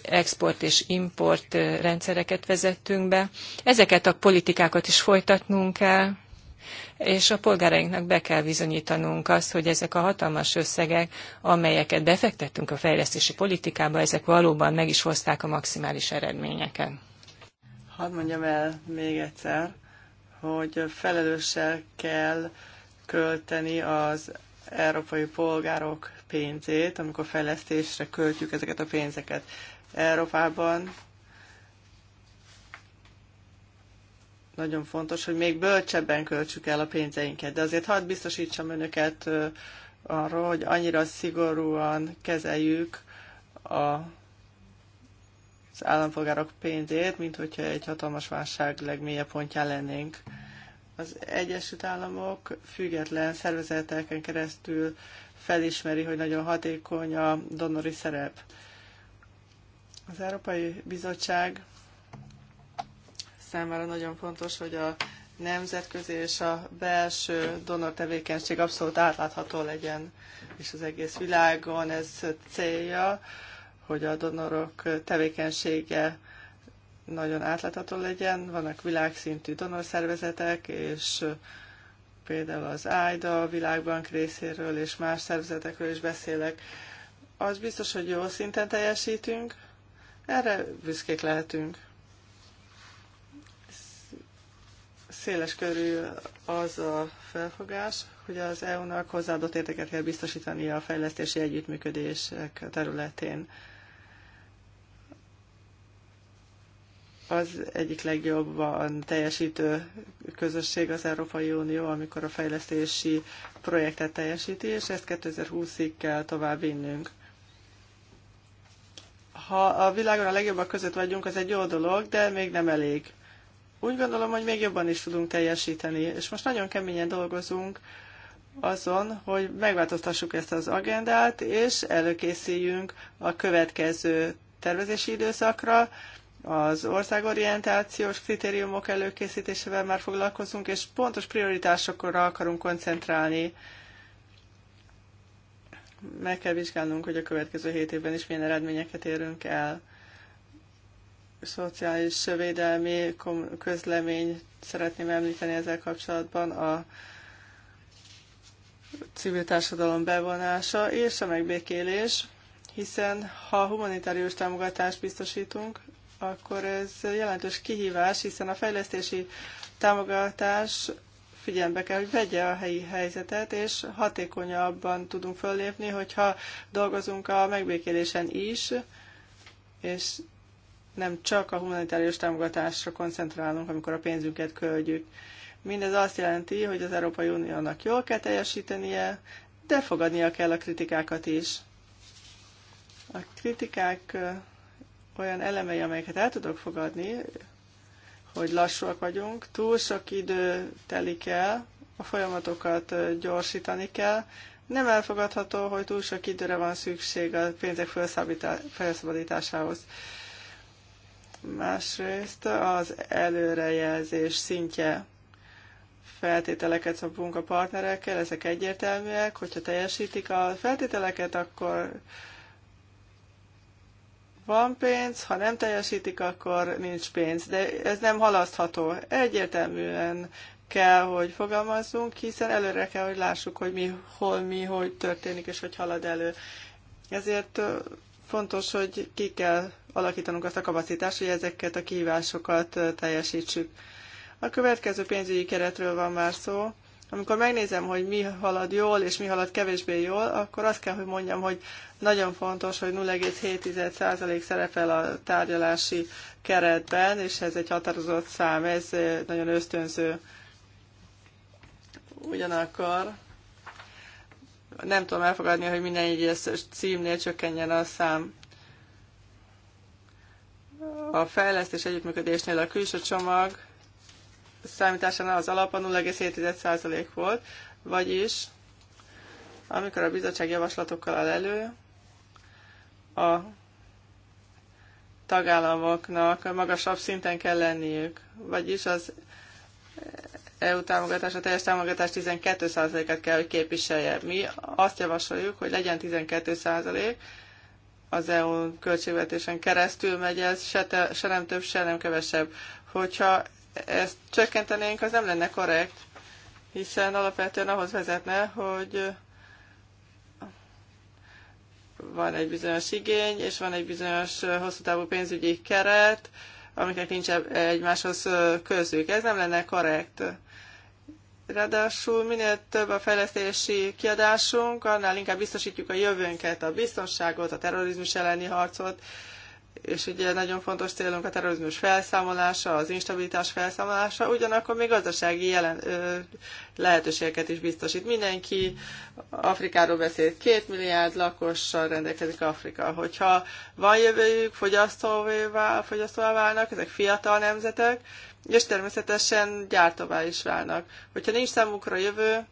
export és import rendszereket vezettünk be. Ezeket a politikákat is folytatnunk kell, és a polgárainknak be kell bizonyítanunk azt, hogy ezek a hatalmas összegek, amelyeket befektettünk a fejlesztési politikába, ezek valóban meg is hozták a maximális eredményeket. Hadd mondjam el még egyszer, hogy felelőssel kell költeni az európai polgárok pénzét, amikor fejlesztésre költjük ezeket a pénzeket. Európában nagyon fontos, hogy még bölcsebben költsük el a pénzeinket. De azért hadd biztosítsam önöket arról, hogy annyira szigorúan kezeljük a állampolgárok pénzét, mint hogyha egy hatalmas válság legmélyebb pontján lennénk. Az Egyesült Államok független szervezeteken keresztül felismeri, hogy nagyon hatékony a donori szerep. Az Európai Bizottság számára nagyon fontos, hogy a nemzetközi és a belső donor tevékenység abszolút átlátható legyen, és az egész világon ez célja hogy a donorok tevékenysége nagyon átlátható legyen. Vannak világszintű donorszervezetek, és például az AIDA világbank részéről és más szervezetekről is beszélek. Az biztos, hogy jó szinten teljesítünk, erre büszkék lehetünk. Széles körül az a felfogás, hogy az EU-nak hozzáadott érteket kell biztosítani a fejlesztési együttműködések területén. az egyik legjobban teljesítő közösség az Európai Unió, amikor a fejlesztési projektet teljesíti, és ezt 2020-ig kell tovább vinnünk. Ha a világon a legjobbak között vagyunk, az egy jó dolog, de még nem elég. Úgy gondolom, hogy még jobban is tudunk teljesíteni, és most nagyon keményen dolgozunk azon, hogy megváltoztassuk ezt az agendát, és előkészüljünk a következő tervezési időszakra, az országorientációs kritériumok előkészítésével már foglalkozunk, és pontos prioritásokra akarunk koncentrálni. Meg kell vizsgálnunk, hogy a következő hét évben is milyen eredményeket érünk el. Szociális védelmi közlemény szeretném említeni ezzel kapcsolatban a civil társadalom bevonása és a megbékélés, hiszen ha humanitárius támogatást biztosítunk, akkor ez jelentős kihívás, hiszen a fejlesztési támogatás figyelembe kell, hogy vegye a helyi helyzetet, és hatékonyabban tudunk föllépni, hogyha dolgozunk a megbékélésen is, és nem csak a humanitárius támogatásra koncentrálunk, amikor a pénzünket költjük. Mindez azt jelenti, hogy az Európai Uniónak jól kell teljesítenie, de fogadnia kell a kritikákat is. A kritikák olyan elemei, amelyeket el tudok fogadni, hogy lassúak vagyunk, túl sok idő telik el, a folyamatokat gyorsítani kell. Nem elfogadható, hogy túl sok időre van szükség a pénzek felszabadításához. Másrészt az előrejelzés szintje feltételeket szabunk a partnerekkel, ezek egyértelműek, hogyha teljesítik a feltételeket, akkor van pénz, ha nem teljesítik, akkor nincs pénz. De ez nem halasztható. Egyértelműen kell, hogy fogalmazzunk, hiszen előre kell, hogy lássuk, hogy mi, hol, mi, hogy történik, és hogy halad elő. Ezért fontos, hogy ki kell alakítanunk azt a kapacitást, hogy ezeket a kihívásokat teljesítsük. A következő pénzügyi keretről van már szó. Amikor megnézem, hogy mi halad jól, és mi halad kevésbé jól, akkor azt kell, hogy mondjam, hogy nagyon fontos, hogy 0,7% szerepel a tárgyalási keretben, és ez egy határozott szám, ez nagyon ösztönző. Ugyanakkor nem tudom elfogadni, hogy minden egyes címnél csökkenjen a szám. A fejlesztés együttműködésnél a külső csomag számításánál az alap a 0,7% volt, vagyis amikor a bizottság javaslatokkal áll elő, a tagállamoknak magasabb szinten kell lenniük, vagyis az EU támogatás, a teljes támogatás 12%-át kell, hogy képviselje. Mi azt javasoljuk, hogy legyen 12%, az EU költségvetésen keresztül megy ez, se, te, se nem több, se nem kevesebb. Hogyha ezt csökkentenénk, az nem lenne korrekt, hiszen alapvetően ahhoz vezetne, hogy van egy bizonyos igény, és van egy bizonyos hosszú távú pénzügyi keret, amiknek nincs e- egymáshoz közük. Ez nem lenne korrekt. Ráadásul minél több a fejlesztési kiadásunk, annál inkább biztosítjuk a jövőnket, a biztonságot, a terrorizmus elleni harcot, és ugye nagyon fontos célunk a terrorizmus felszámolása, az instabilitás felszámolása, ugyanakkor még gazdasági jelen, ö, lehetőségeket is biztosít. Mindenki Afrikáról beszélt, két milliárd lakossal rendelkezik Afrika. Hogyha van jövőjük, fogyasztóvá, fogyasztóvá válnak, ezek fiatal nemzetek, és természetesen gyártóvá is válnak. Hogyha nincs számukra jövő,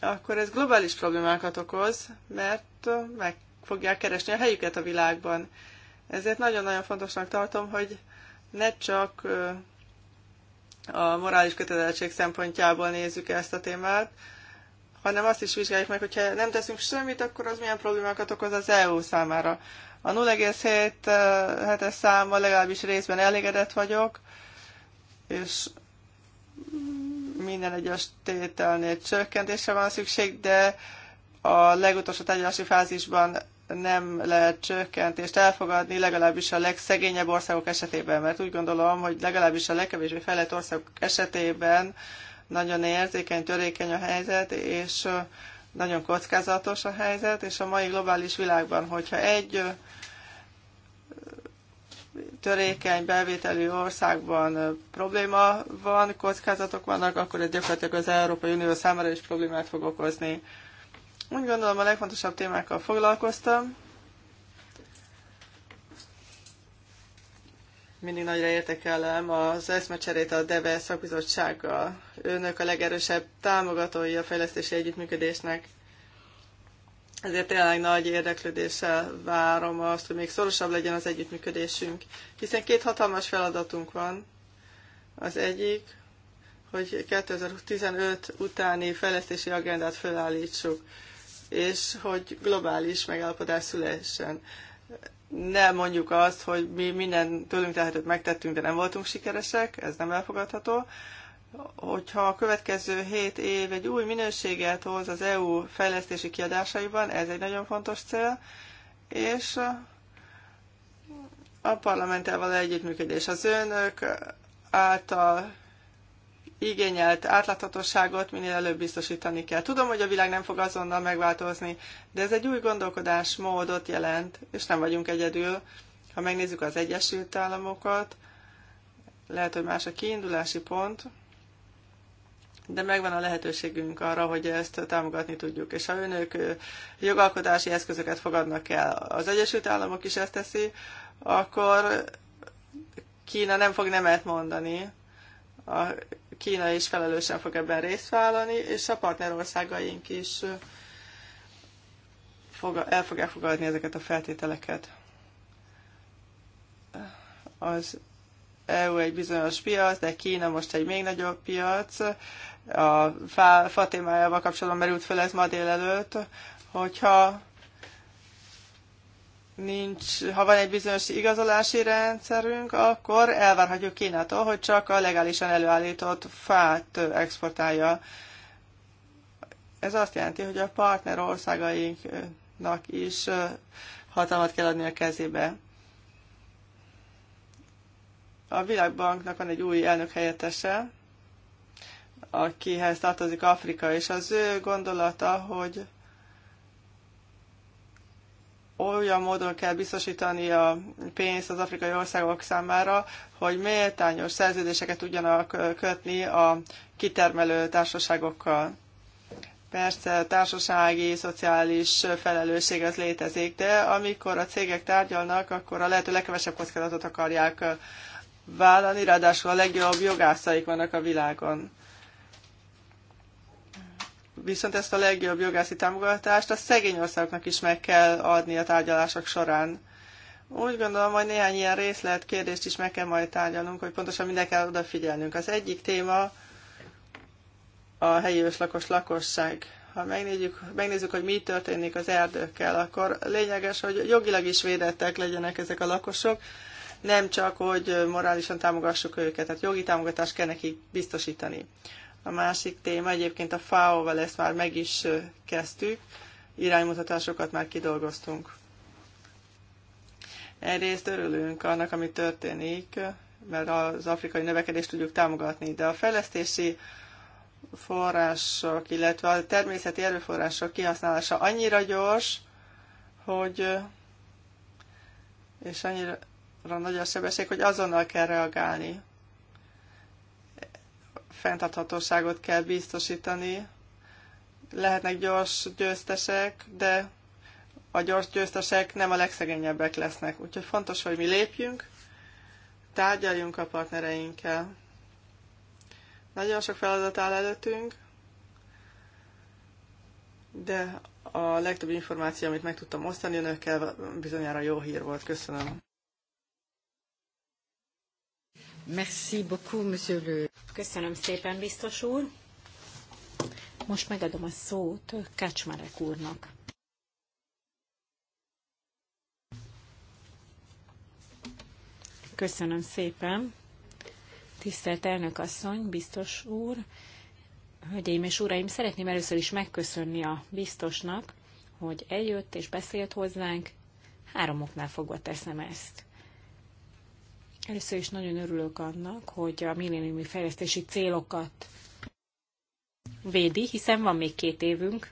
akkor ez globális problémákat okoz, mert meg fogják keresni a helyüket a világban ezért nagyon-nagyon fontosnak tartom, hogy ne csak a morális kötelezettség szempontjából nézzük ezt a témát, hanem azt is vizsgáljuk meg, hogyha nem teszünk semmit, akkor az milyen problémákat okoz az EU számára. A 0,7-es számmal legalábbis részben elégedett vagyok, és minden egyes tételnél csökkentésre van szükség, de a legutolsó tárgyalási fázisban nem lehet csökkentést elfogadni, legalábbis a legszegényebb országok esetében, mert úgy gondolom, hogy legalábbis a legkevésbé fejlett országok esetében nagyon érzékeny, törékeny a helyzet, és nagyon kockázatos a helyzet, és a mai globális világban, hogyha egy törékeny bevételi országban probléma van, kockázatok vannak, akkor ez gyakorlatilag az Európai Unió számára is problémát fog okozni. Úgy gondolom a legfontosabb témákkal foglalkoztam. Mindig nagyra értekelem az eszmecserét a DEVE szakbizottsággal. Önök a legerősebb támogatói a fejlesztési együttműködésnek. Ezért tényleg nagy érdeklődéssel várom azt, hogy még szorosabb legyen az együttműködésünk, hiszen két hatalmas feladatunk van. Az egyik, hogy 2015 utáni fejlesztési agendát felállítsuk és hogy globális megállapodás szülessen. Ne mondjuk azt, hogy mi minden tőlünk tehetőt megtettünk, de nem voltunk sikeresek, ez nem elfogadható. Hogyha a következő hét év egy új minőséget hoz az EU fejlesztési kiadásaiban, ez egy nagyon fontos cél, és a parlamenttel való együttműködés. Az önök által igényelt átláthatóságot minél előbb biztosítani kell. Tudom, hogy a világ nem fog azonnal megváltozni, de ez egy új gondolkodásmódot jelent, és nem vagyunk egyedül. Ha megnézzük az Egyesült Államokat, lehet, hogy más a kiindulási pont, de megvan a lehetőségünk arra, hogy ezt támogatni tudjuk. És ha önök jogalkotási eszközöket fogadnak el, az Egyesült Államok is ezt teszi, akkor Kína nem fog nemet mondani a Kína is felelősen fog ebben részt vállalni, és a partnerországaink is el fogják fogadni ezeket a feltételeket. Az EU egy bizonyos piac, de Kína most egy még nagyobb piac. A fa témájával kapcsolatban merült fel ez ma délelőtt, hogyha nincs, ha van egy bizonyos igazolási rendszerünk, akkor elvárhatjuk Kínától, hogy csak a legálisan előállított fát exportálja. Ez azt jelenti, hogy a partner országainknak is hatalmat kell adni a kezébe. A Világbanknak van egy új elnök helyettese, akihez tartozik Afrika, és az ő gondolata, hogy olyan módon kell biztosítani a pénzt az afrikai országok számára, hogy méltányos szerződéseket tudjanak kötni a kitermelő társaságokkal. Persze társasági, szociális felelősség az létezik, de amikor a cégek tárgyalnak, akkor a lehető legkevesebb kockázatot akarják vállalni, ráadásul a legjobb jogászaik vannak a világon. Viszont ezt a legjobb jogászi támogatást a szegény országoknak is meg kell adni a tárgyalások során. Úgy gondolom, hogy néhány ilyen részlet kérdést is meg kell majd tárgyalnunk, hogy pontosan minden kell odafigyelnünk. Az egyik téma a helyi őslakos lakosság. Ha megnézzük, megnézzük, hogy mi történik az erdőkkel, akkor lényeges, hogy jogilag is védettek legyenek ezek a lakosok, nem csak, hogy morálisan támogassuk őket, tehát jogi támogatást kell nekik biztosítani. A másik téma egyébként a FAO-val ezt már meg is kezdtük, iránymutatásokat már kidolgoztunk. Egyrészt örülünk annak, ami történik, mert az afrikai növekedést tudjuk támogatni, de a fejlesztési források, illetve a természeti erőforrások kihasználása annyira gyors, hogy és annyira nagy a sebesség, hogy azonnal kell reagálni fenntarthatóságot kell biztosítani. Lehetnek gyors győztesek, de a gyors győztesek nem a legszegényebbek lesznek. Úgyhogy fontos, hogy mi lépjünk, tárgyaljunk a partnereinkkel. Nagyon sok feladat áll előttünk, de a legtöbb információ, amit meg tudtam osztani önökkel, bizonyára jó hír volt. Köszönöm. Merci beaucoup, monsieur le... Köszönöm szépen, biztos úr. Most megadom a szót Kacsmarek úrnak. Köszönöm szépen. Tisztelt elnök asszony, biztos úr, hölgyeim és uraim, szeretném először is megköszönni a biztosnak, hogy eljött és beszélt hozzánk. Három oknál fogva teszem ezt. Először is nagyon örülök annak, hogy a milléniumi fejlesztési célokat védi, hiszen van még két évünk,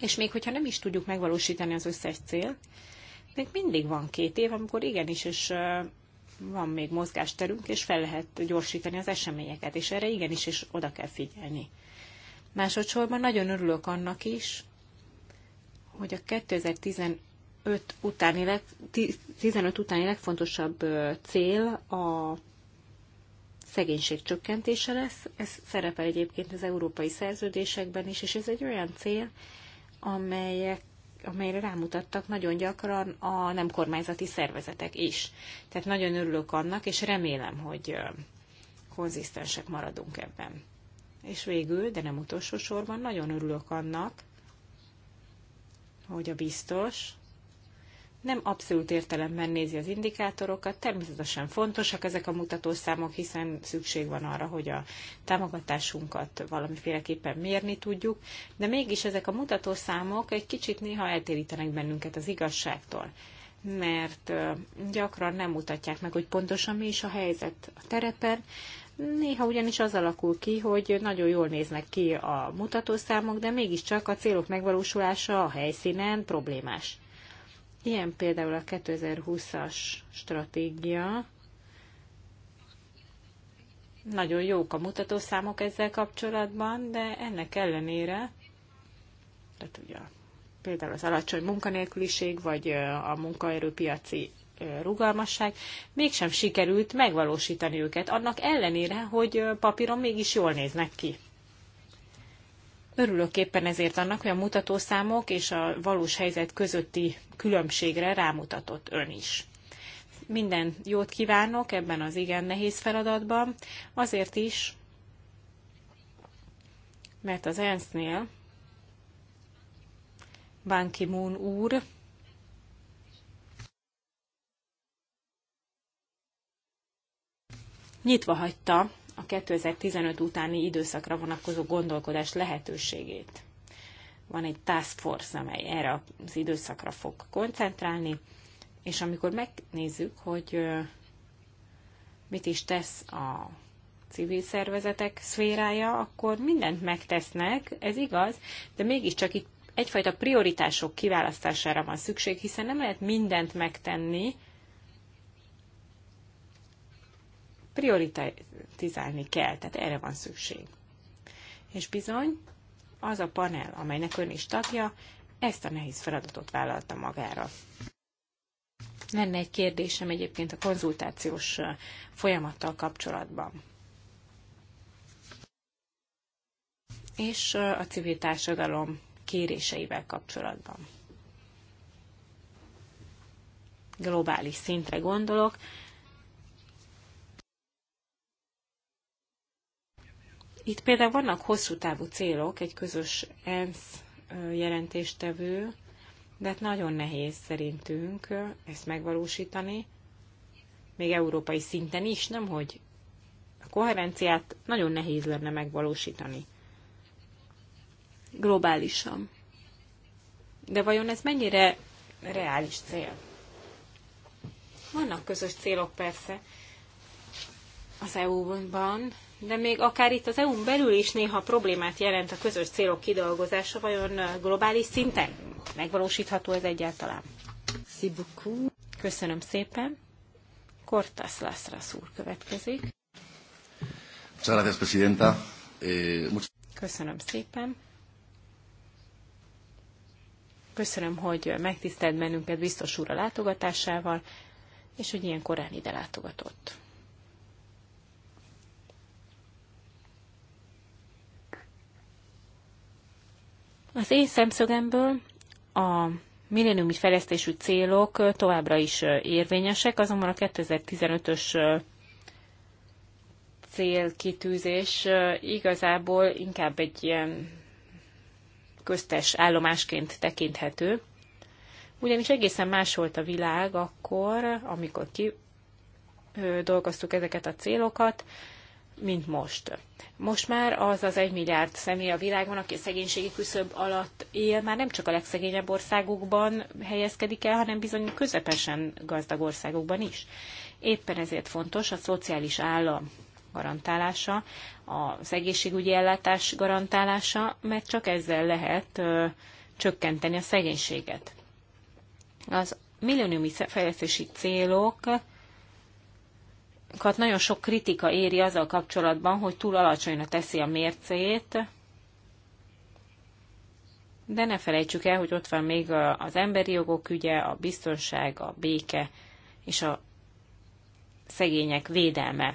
és még hogyha nem is tudjuk megvalósítani az összes célt, még mindig van két év, amikor igenis, és van még mozgásterünk, és fel lehet gyorsítani az eseményeket, és erre igenis és oda kell figyelni. Másodszorban nagyon örülök annak is, hogy a 2015 5 utáni leg, 15 utáni legfontosabb cél a szegénység csökkentése lesz. Ez szerepel egyébként az európai szerződésekben is, és ez egy olyan cél, amelyek amelyre rámutattak nagyon gyakran a nem kormányzati szervezetek is. Tehát nagyon örülök annak, és remélem, hogy konzisztensek maradunk ebben. És végül, de nem utolsó sorban, nagyon örülök annak, hogy a biztos nem abszolút értelemben nézi az indikátorokat. Természetesen fontosak ezek a mutatószámok, hiszen szükség van arra, hogy a támogatásunkat valamiféleképpen mérni tudjuk, de mégis ezek a mutatószámok egy kicsit néha eltérítenek bennünket az igazságtól mert gyakran nem mutatják meg, hogy pontosan mi is a helyzet a terepen. Néha ugyanis az alakul ki, hogy nagyon jól néznek ki a mutatószámok, de mégiscsak a célok megvalósulása a helyszínen problémás. Ilyen például a 2020-as stratégia. Nagyon jók a mutatószámok ezzel kapcsolatban, de ennek ellenére, tehát ugye például az alacsony munkanélküliség, vagy a munkaerőpiaci rugalmasság, mégsem sikerült megvalósítani őket, annak ellenére, hogy papíron mégis jól néznek ki. Örülök éppen ezért annak, hogy a mutatószámok és a valós helyzet közötti különbségre rámutatott ön is. Minden jót kívánok ebben az igen nehéz feladatban, azért is, mert az ENSZ-nél Ban Ki-moon úr nyitva hagyta a 2015 utáni időszakra vonatkozó gondolkodás lehetőségét. Van egy task force, amely erre az időszakra fog koncentrálni, és amikor megnézzük, hogy mit is tesz a civil szervezetek szférája, akkor mindent megtesznek, ez igaz, de mégiscsak itt egyfajta prioritások kiválasztására van szükség, hiszen nem lehet mindent megtenni, prioritizálni kell, tehát erre van szükség. És bizony, az a panel, amelynek ön is tagja, ezt a nehéz feladatot vállalta magára. Lenne egy kérdésem egyébként a konzultációs folyamattal kapcsolatban. És a civil társadalom kéréseivel kapcsolatban. Globális szintre gondolok, Itt például vannak hosszú távú célok, egy közös ENSZ jelentéstevő, de hát nagyon nehéz szerintünk ezt megvalósítani, még európai szinten is, nem hogy a koherenciát nagyon nehéz lenne megvalósítani globálisan. De vajon ez mennyire reális cél? Vannak közös célok persze az EU-ban, de még akár itt az EU-n belül is néha problémát jelent a közös célok kidolgozása, vajon globális szinten megvalósítható ez egyáltalán? Köszönöm szépen. Cortas Lászlász úr következik. Eh, Köszönöm szépen. Köszönöm, hogy megtisztelt bennünket biztos úr a látogatásával, és hogy ilyen korán ide látogatott. Az én szemszögemből a milléniumi fejlesztésű célok továbbra is érvényesek, azonban a 2015-ös célkitűzés igazából inkább egy ilyen köztes állomásként tekinthető, ugyanis egészen más volt a világ akkor, amikor ki dolgoztuk ezeket a célokat, mint most. Most már az az egy milliárd személy a világon, aki a szegénységi küszöb alatt él, már nem csak a legszegényebb országokban helyezkedik el, hanem bizony közepesen gazdag országokban is. Éppen ezért fontos a szociális állam garantálása, az egészségügyi ellátás garantálása, mert csak ezzel lehet ö, csökkenteni a szegénységet. Az milleniumi fejlesztési célok nagyon sok kritika éri azzal kapcsolatban, hogy túl alacsonyra teszi a mércét, de ne felejtsük el, hogy ott van még az emberi jogok ügye, a biztonság, a béke és a szegények védelme.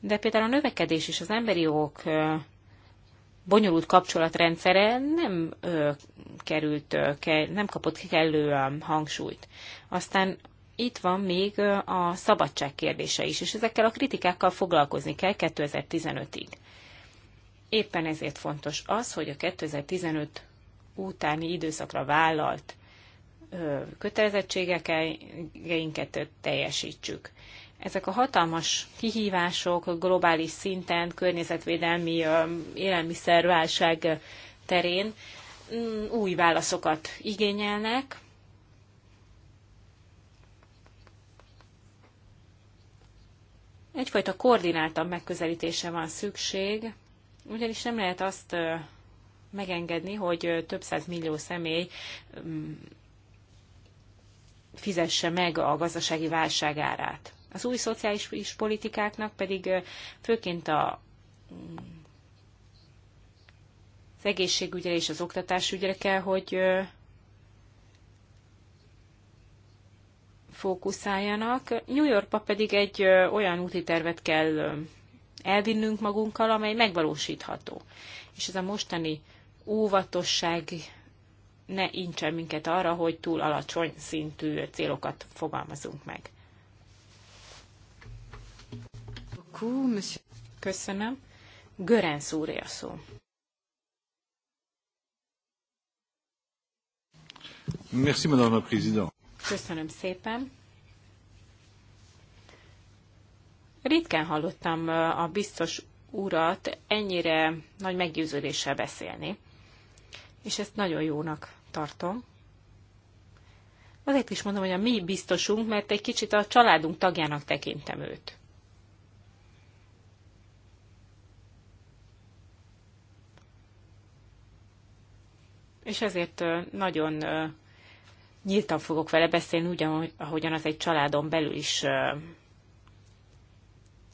De például a növekedés és az emberi jogok bonyolult kapcsolatrendszere nem került, ke, nem kapott kellő hangsúlyt. Aztán itt van még a szabadság kérdése is, és ezekkel a kritikákkal foglalkozni kell 2015-ig. Éppen ezért fontos az, hogy a 2015 utáni időszakra vállalt kötelezettségeinket teljesítsük. Ezek a hatalmas kihívások globális szinten, környezetvédelmi élelmiszerválság terén mm, új válaszokat igényelnek, egyfajta koordináltabb megközelítése van szükség, ugyanis nem lehet azt megengedni, hogy több száz millió személy mm, fizesse meg a gazdasági válság árát. Az új szociális politikáknak pedig főként a mm, az egészségügyre és az oktatásügyre kell, hogy fókuszáljanak. New Yorkba pedig egy olyan úti tervet kell elvinnünk magunkkal, amely megvalósítható. És ez a mostani óvatosság ne incsen minket arra, hogy túl alacsony szintű célokat fogalmazunk meg. Köszönöm. Görenc úré a szó. Merci, Madame la Présidente. Köszönöm szépen. Ritkán hallottam a biztos urat ennyire nagy meggyőződéssel beszélni, és ezt nagyon jónak tartom. Azért is mondom, hogy a mi biztosunk, mert egy kicsit a családunk tagjának tekintem őt. És ezért nagyon nyíltan fogok vele beszélni, ugyan, ahogyan az egy családon belül is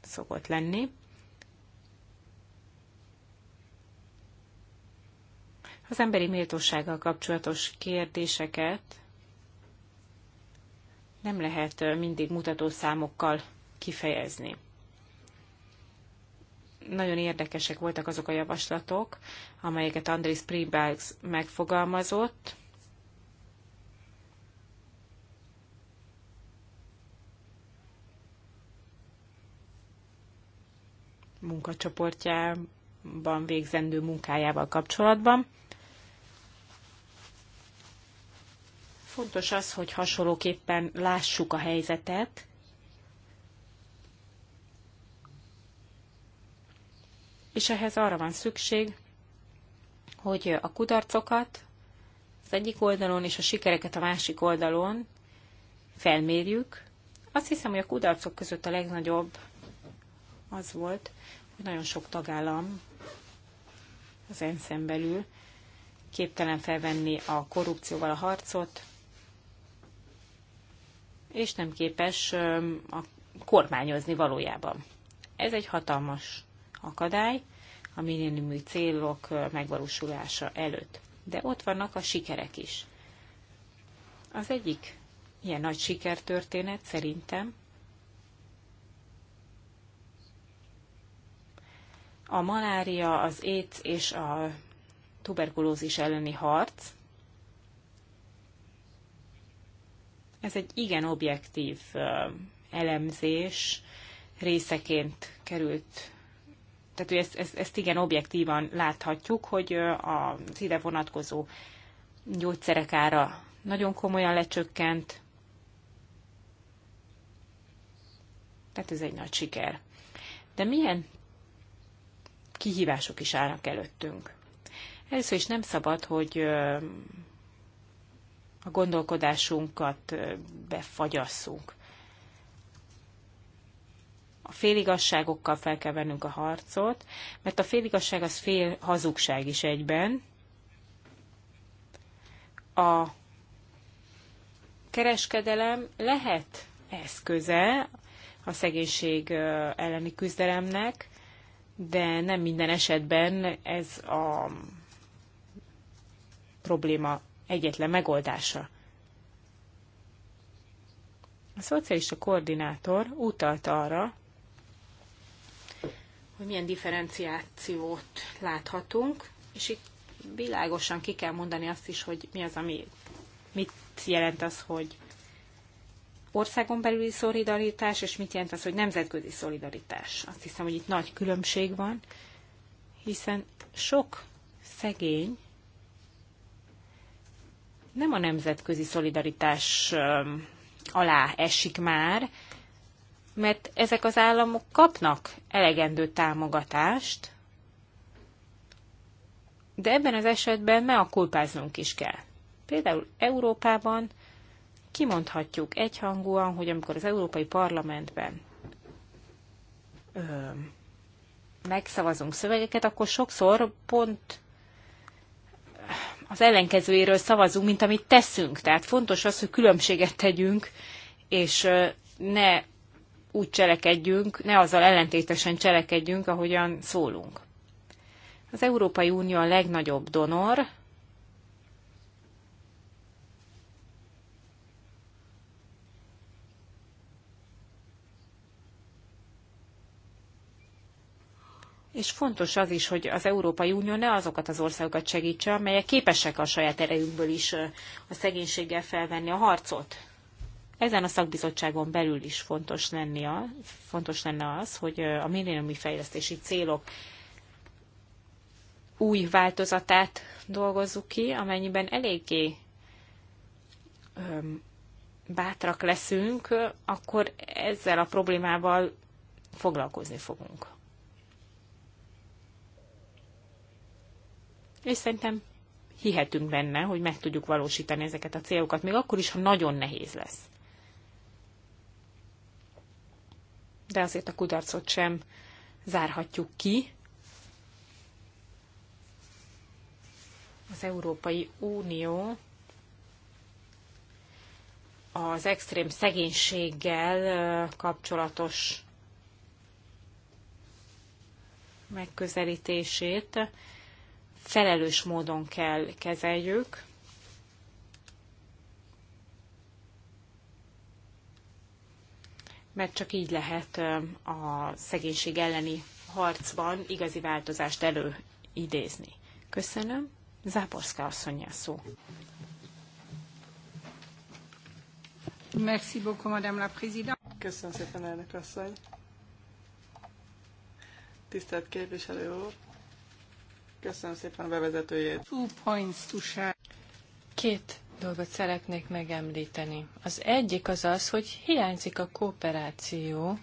szokott lenni. Az emberi méltósággal kapcsolatos kérdéseket nem lehet mindig mutató számokkal kifejezni. Nagyon érdekesek voltak azok a javaslatok, amelyeket Andris Pribags megfogalmazott, munkacsoportjában végzendő munkájával kapcsolatban. Fontos az, hogy hasonlóképpen lássuk a helyzetet, és ehhez arra van szükség, hogy a kudarcokat az egyik oldalon és a sikereket a másik oldalon felmérjük. Azt hiszem, hogy a kudarcok között a legnagyobb az volt, hogy nagyon sok tagállam az ensz belül képtelen felvenni a korrupcióval a harcot, és nem képes a kormányozni valójában. Ez egy hatalmas akadály a minimumű célok megvalósulása előtt. De ott vannak a sikerek is. Az egyik ilyen nagy sikertörténet szerintem a malária, az ét és a tuberkulózis elleni harc. Ez egy igen objektív elemzés részeként került tehát ezt, ezt, ezt igen objektívan láthatjuk, hogy az ide vonatkozó gyógyszerek ára nagyon komolyan lecsökkent. Tehát ez egy nagy siker. De milyen kihívások is állnak előttünk. Először is nem szabad, hogy a gondolkodásunkat befagyasszunk. A féligasságokkal fel kell vennünk a harcot, mert a féligasság az fél hazugság is egyben. A kereskedelem lehet eszköze a szegénység elleni küzdelemnek, de nem minden esetben ez a probléma egyetlen megoldása. A szocialista koordinátor utalt arra, hogy milyen differenciációt láthatunk, és itt világosan ki kell mondani azt is, hogy mi az, ami mit jelent az, hogy országon belüli szolidaritás, és mit jelent az, hogy nemzetközi szolidaritás. Azt hiszem, hogy itt nagy különbség van, hiszen sok szegény nem a nemzetközi szolidaritás alá esik már, mert ezek az államok kapnak elegendő támogatást, de ebben az esetben meg a kulpáznunk is kell. Például Európában kimondhatjuk egyhangúan, hogy amikor az Európai Parlamentben ö, megszavazunk szövegeket, akkor sokszor pont az ellenkezőjéről szavazunk, mint amit teszünk. Tehát fontos az, hogy különbséget tegyünk, és ne úgy cselekedjünk, ne azzal ellentétesen cselekedjünk, ahogyan szólunk. Az Európai Unió a legnagyobb donor, és fontos az is, hogy az Európai Unió ne azokat az országokat segítse, amelyek képesek a saját erejükből is a szegénységgel felvenni a harcot. Ezen a szakbizottságon belül is fontos, lenni a, fontos lenne az, hogy a minimumi fejlesztési célok új változatát dolgozzuk ki, amennyiben eléggé öm, bátrak leszünk, akkor ezzel a problémával foglalkozni fogunk. és szerintem hihetünk benne, hogy meg tudjuk valósítani ezeket a célokat, még akkor is, ha nagyon nehéz lesz. De azért a kudarcot sem zárhatjuk ki. Az Európai Unió az extrém szegénységgel kapcsolatos megközelítését felelős módon kell kezeljük. mert csak így lehet a szegénység elleni harcban igazi változást előidézni. Köszönöm. asszony a szó. Merci beaucoup, madame la présidente. Köszönöm szépen, elnök asszony. Tisztelt képviselő úr, Köszönöm szépen a bevezetőjét. Two points to share. Két dolgot szeretnék megemlíteni. Az egyik az az, hogy hiányzik a kooperáció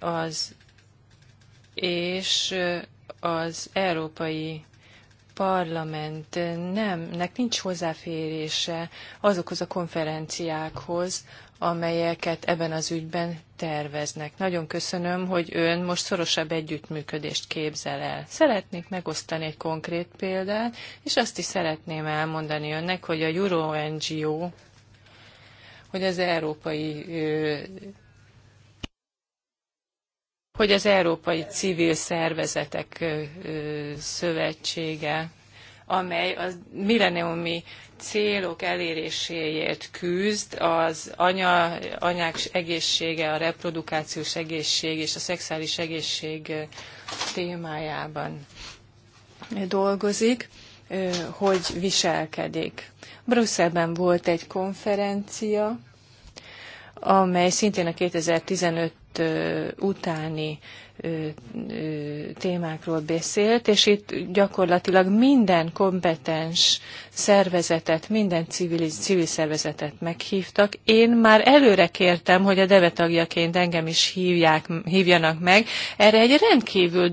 az és az Európai Parlament nem, nek nincs hozzáférése azokhoz a konferenciákhoz, amelyeket ebben az ügyben terveznek. Nagyon köszönöm, hogy ön most szorosabb együttműködést képzel el. Szeretnék megosztani egy konkrét példát, és azt is szeretném elmondani önnek, hogy a Euro NGO, hogy az európai hogy az Európai Civil Szervezetek Szövetsége amely a milleniumi célok eléréséért küzd, az anya, anyák egészsége, a reprodukációs egészség és a szexuális egészség témájában dolgozik, hogy viselkedik. Brüsszelben volt egy konferencia, amely szintén a 2015 utáni témákról beszélt, és itt gyakorlatilag minden kompetens szervezetet, minden civil, civil szervezetet meghívtak. Én már előre kértem, hogy a deve tagjaként engem is hívják, hívjanak meg. Erre egy rendkívül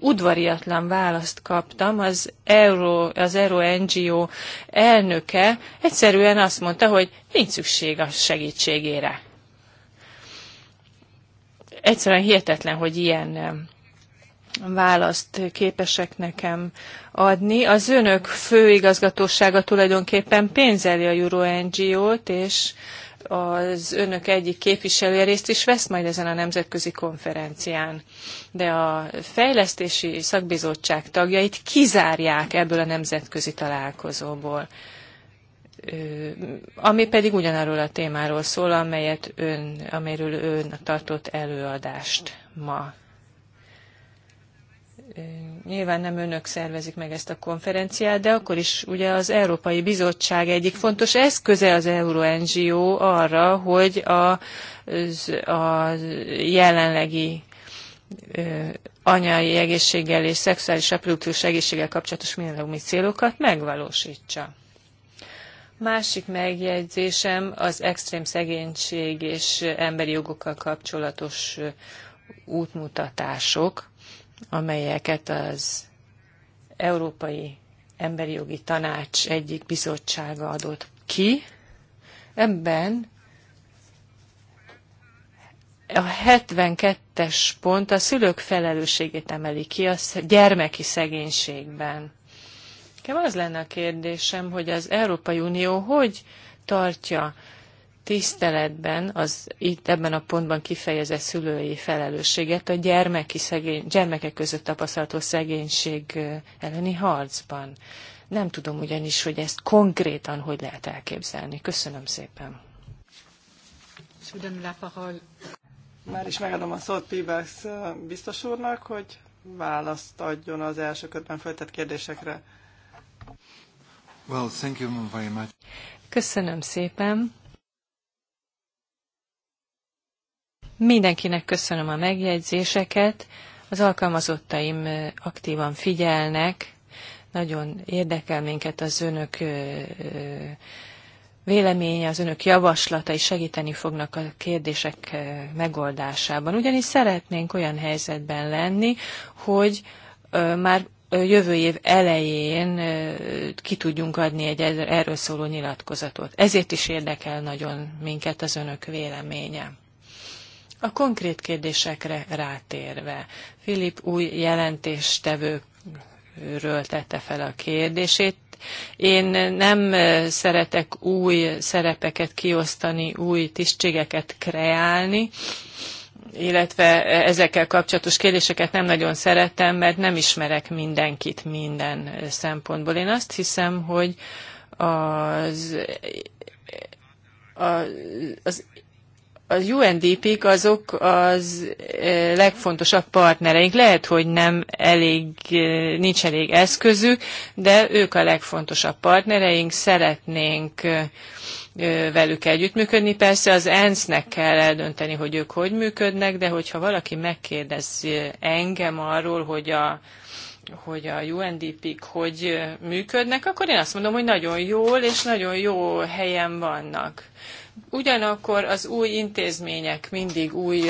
udvariatlan választ kaptam. Az Euro, az Euro NGO elnöke egyszerűen azt mondta, hogy nincs szükség a segítségére egyszerűen hihetetlen, hogy ilyen eh, választ képesek nekem adni. Az önök főigazgatósága tulajdonképpen pénzeli a Euro NGO-t, és az önök egyik képviselője részt is vesz majd ezen a nemzetközi konferencián. De a fejlesztési szakbizottság tagjait kizárják ebből a nemzetközi találkozóból ami pedig ugyanarról a témáról szól, amelyet ön, amiről ön tartott előadást ma. Nyilván nem önök szervezik meg ezt a konferenciát, de akkor is ugye az Európai Bizottság egyik fontos eszköze az Euro NGO arra, hogy a, a jelenlegi anyai egészséggel és szexuális reproduktív egészséggel kapcsolatos mindenlagmi célokat megvalósítsa. Másik megjegyzésem az extrém szegénység és emberi jogokkal kapcsolatos útmutatások, amelyeket az Európai Emberi Jogi Tanács egyik bizottsága adott ki. Ebben a 72-es pont a szülők felelősségét emeli ki a gyermeki szegénységben. Nekem az lenne a kérdésem, hogy az Európai Unió hogy tartja tiszteletben az itt ebben a pontban kifejezett szülői felelősséget a gyermeki szegény, gyermekek között tapasztalható szegénység elleni harcban. Nem tudom ugyanis, hogy ezt konkrétan hogy lehet elképzelni. Köszönöm szépen. Már is megadom a szót Pibesz biztos úrnak, hogy választ adjon az első körben feltett kérdésekre. Well, thank you very much. Köszönöm szépen. Mindenkinek köszönöm a megjegyzéseket. Az alkalmazottaim aktívan figyelnek. Nagyon érdekel minket az önök véleménye, az önök javaslatai segíteni fognak a kérdések megoldásában. Ugyanis szeretnénk olyan helyzetben lenni, hogy már jövő év elején ki tudjunk adni egy erről szóló nyilatkozatot. Ezért is érdekel nagyon minket az önök véleménye. A konkrét kérdésekre rátérve, Filip új jelentéstevőről tette fel a kérdését. Én nem szeretek új szerepeket kiosztani, új tisztségeket kreálni, illetve ezekkel kapcsolatos kérdéseket nem nagyon szeretem, mert nem ismerek mindenkit minden szempontból. Én azt hiszem, hogy az, az, az az UNDP-k azok az e, legfontosabb partnereink. Lehet, hogy nem elég, e, nincs elég eszközük, de ők a legfontosabb partnereink. Szeretnénk velük együttműködni. Persze az ENSZ-nek kell eldönteni, hogy ők hogy működnek, de hogyha valaki megkérdez engem arról, hogy a, hogy a UNDP-k hogy működnek, akkor én azt mondom, hogy nagyon jól és nagyon jó helyen vannak. Ugyanakkor az új intézmények mindig új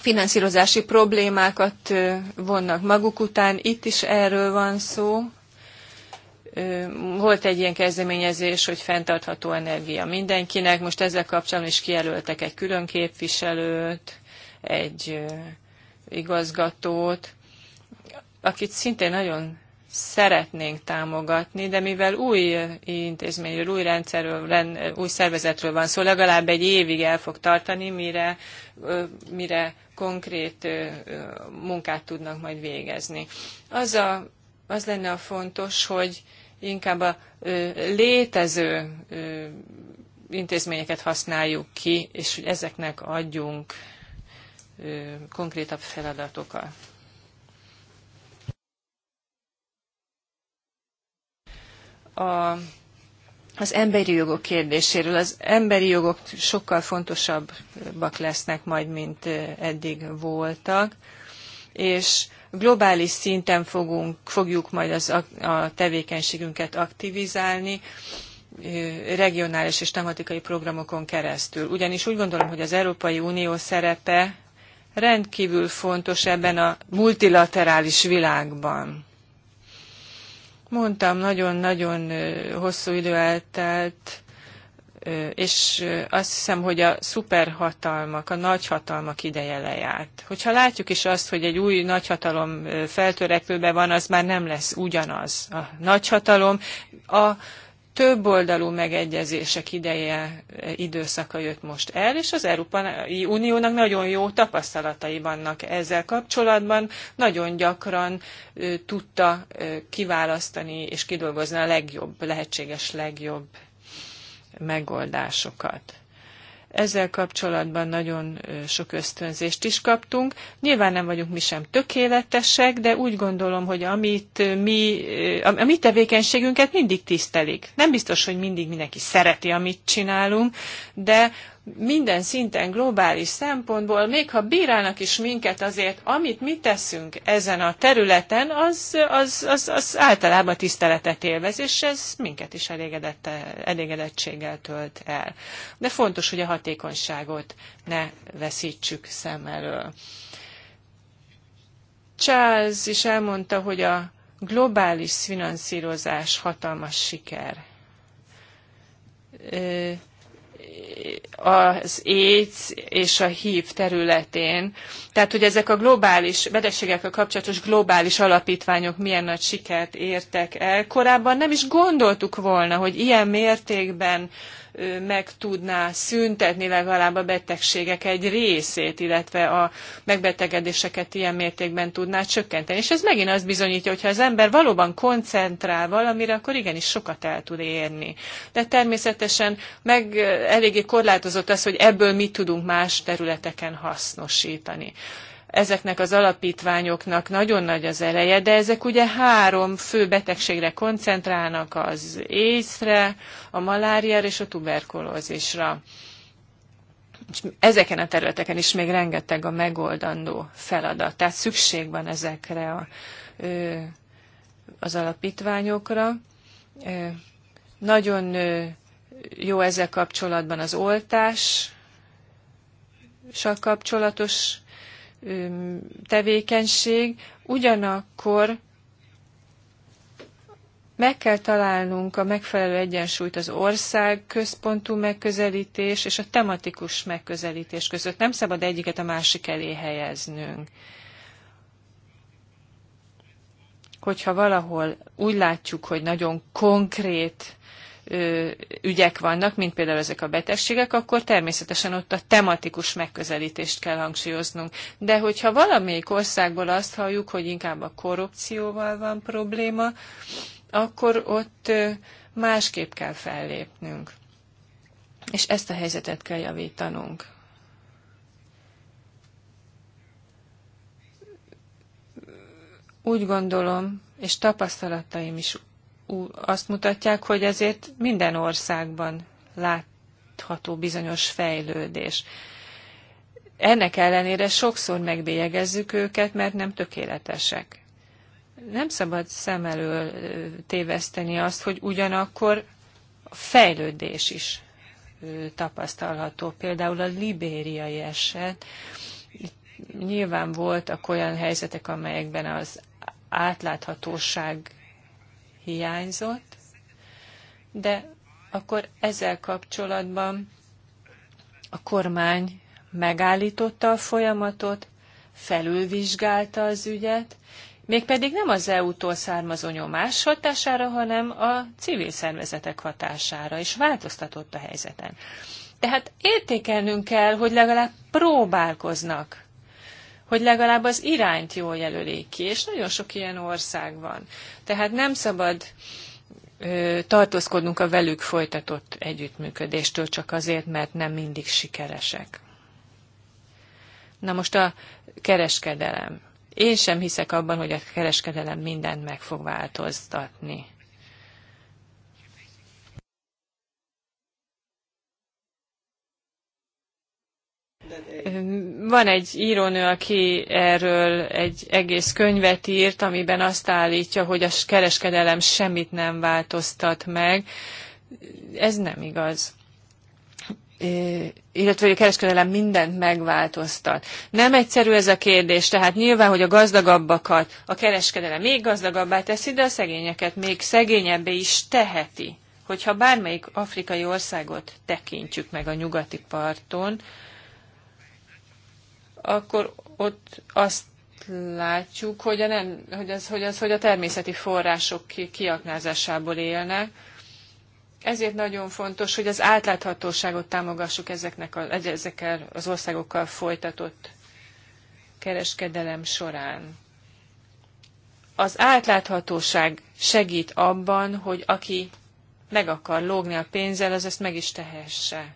finanszírozási problémákat vonnak maguk után. Itt is erről van szó volt egy ilyen kezdeményezés, hogy fenntartható energia mindenkinek. Most ezzel kapcsolatban is kijelöltek egy külön képviselőt, egy igazgatót, akit szintén nagyon szeretnénk támogatni, de mivel új intézményről, új rendszerről, új szervezetről van szó, legalább egy évig el fog tartani, mire, mire konkrét munkát tudnak majd végezni. Az, a, az lenne a fontos, hogy inkább a létező intézményeket használjuk ki, és ezeknek adjunk konkrétabb feladatokat. A, az emberi jogok kérdéséről. Az emberi jogok sokkal fontosabbak lesznek majd, mint eddig voltak, és globális szinten fogunk, fogjuk majd az, a tevékenységünket aktivizálni, regionális és tematikai programokon keresztül. Ugyanis úgy gondolom, hogy az Európai Unió szerepe rendkívül fontos ebben a multilaterális világban. Mondtam, nagyon-nagyon hosszú idő eltelt és azt hiszem, hogy a szuperhatalmak, a nagyhatalmak ideje lejárt. Hogyha látjuk is azt, hogy egy új nagyhatalom feltörekvőben van, az már nem lesz ugyanaz a nagyhatalom. A többoldalú megegyezések ideje, időszaka jött most el, és az Európai Uniónak nagyon jó tapasztalatai vannak ezzel kapcsolatban. Nagyon gyakran tudta kiválasztani és kidolgozni a legjobb, lehetséges legjobb megoldásokat. Ezzel kapcsolatban nagyon sok ösztönzést is kaptunk. Nyilván nem vagyunk mi sem tökéletesek, de úgy gondolom, hogy amit mi, a mi tevékenységünket mindig tisztelik. Nem biztos, hogy mindig mindenki szereti, amit csinálunk, de minden szinten globális szempontból, még ha bírálnak is minket azért, amit mi teszünk ezen a területen, az, az, az, az általában tiszteletet élvez, és ez minket is elégedett, elégedettséggel tölt el. De fontos, hogy a hatékonyságot ne veszítsük szem elől. Charles is elmondta, hogy a globális finanszírozás hatalmas siker az AIDS és a HIV területén. Tehát, hogy ezek a globális, betegségekkel kapcsolatos globális alapítványok milyen nagy sikert értek el. Korábban nem is gondoltuk volna, hogy ilyen mértékben meg tudná szüntetni legalább a betegségek egy részét, illetve a megbetegedéseket ilyen mértékben tudná csökkenteni. És ez megint azt bizonyítja, hogy ha az ember valóban koncentrál valamire, akkor igenis sokat el tud érni. De természetesen meg elég eléggé korlátozott az, hogy ebből mit tudunk más területeken hasznosítani ezeknek az alapítványoknak nagyon nagy az eleje, de ezek ugye három fő betegségre koncentrálnak, az észre, a maláriára és a tuberkulózisra. És ezeken a területeken is még rengeteg a megoldandó feladat. Tehát szükség van ezekre a, az alapítványokra. Nagyon jó ezzel kapcsolatban az oltással kapcsolatos tevékenység, ugyanakkor meg kell találnunk a megfelelő egyensúlyt az ország központú megközelítés és a tematikus megközelítés között. Nem szabad egyiket a másik elé helyeznünk. Hogyha valahol úgy látjuk, hogy nagyon konkrét ügyek vannak, mint például ezek a betegségek, akkor természetesen ott a tematikus megközelítést kell hangsúlyoznunk. De hogyha valamelyik országból azt halljuk, hogy inkább a korrupcióval van probléma, akkor ott másképp kell fellépnünk. És ezt a helyzetet kell javítanunk. Úgy gondolom, és tapasztalataim is azt mutatják, hogy ezért minden országban látható bizonyos fejlődés. Ennek ellenére sokszor megbélyegezzük őket, mert nem tökéletesek. Nem szabad szem elől téveszteni azt, hogy ugyanakkor fejlődés is tapasztalható. Például a libériai eset. nyilván voltak olyan helyzetek, amelyekben az átláthatóság hiányzott, de akkor ezzel kapcsolatban a kormány megállította a folyamatot, felülvizsgálta az ügyet, mégpedig nem az EU-tól származó nyomás hatására, hanem a civil szervezetek hatására, és változtatott a helyzeten. Tehát értékelnünk kell, hogy legalább próbálkoznak hogy legalább az irányt jól jelölik ki, és nagyon sok ilyen ország van. Tehát nem szabad tartózkodnunk a velük folytatott együttműködéstől csak azért, mert nem mindig sikeresek. Na most a kereskedelem. Én sem hiszek abban, hogy a kereskedelem mindent meg fog változtatni. Van egy írónő, aki erről egy egész könyvet írt, amiben azt állítja, hogy a kereskedelem semmit nem változtat meg. Ez nem igaz illetve hogy a kereskedelem mindent megváltoztat. Nem egyszerű ez a kérdés, tehát nyilván, hogy a gazdagabbakat a kereskedelem még gazdagabbá teszi, de a szegényeket még szegényebbé is teheti. Hogyha bármelyik afrikai országot tekintjük meg a nyugati parton, akkor ott azt látjuk, hogy, a nem, hogy, az, hogy, az, hogy a természeti források kiaknázásából élnek. Ezért nagyon fontos, hogy az átláthatóságot támogassuk ezeknek a, ezekkel az országokkal folytatott kereskedelem során. Az átláthatóság segít abban, hogy aki meg akar lógni a pénzzel, az ezt meg is tehesse.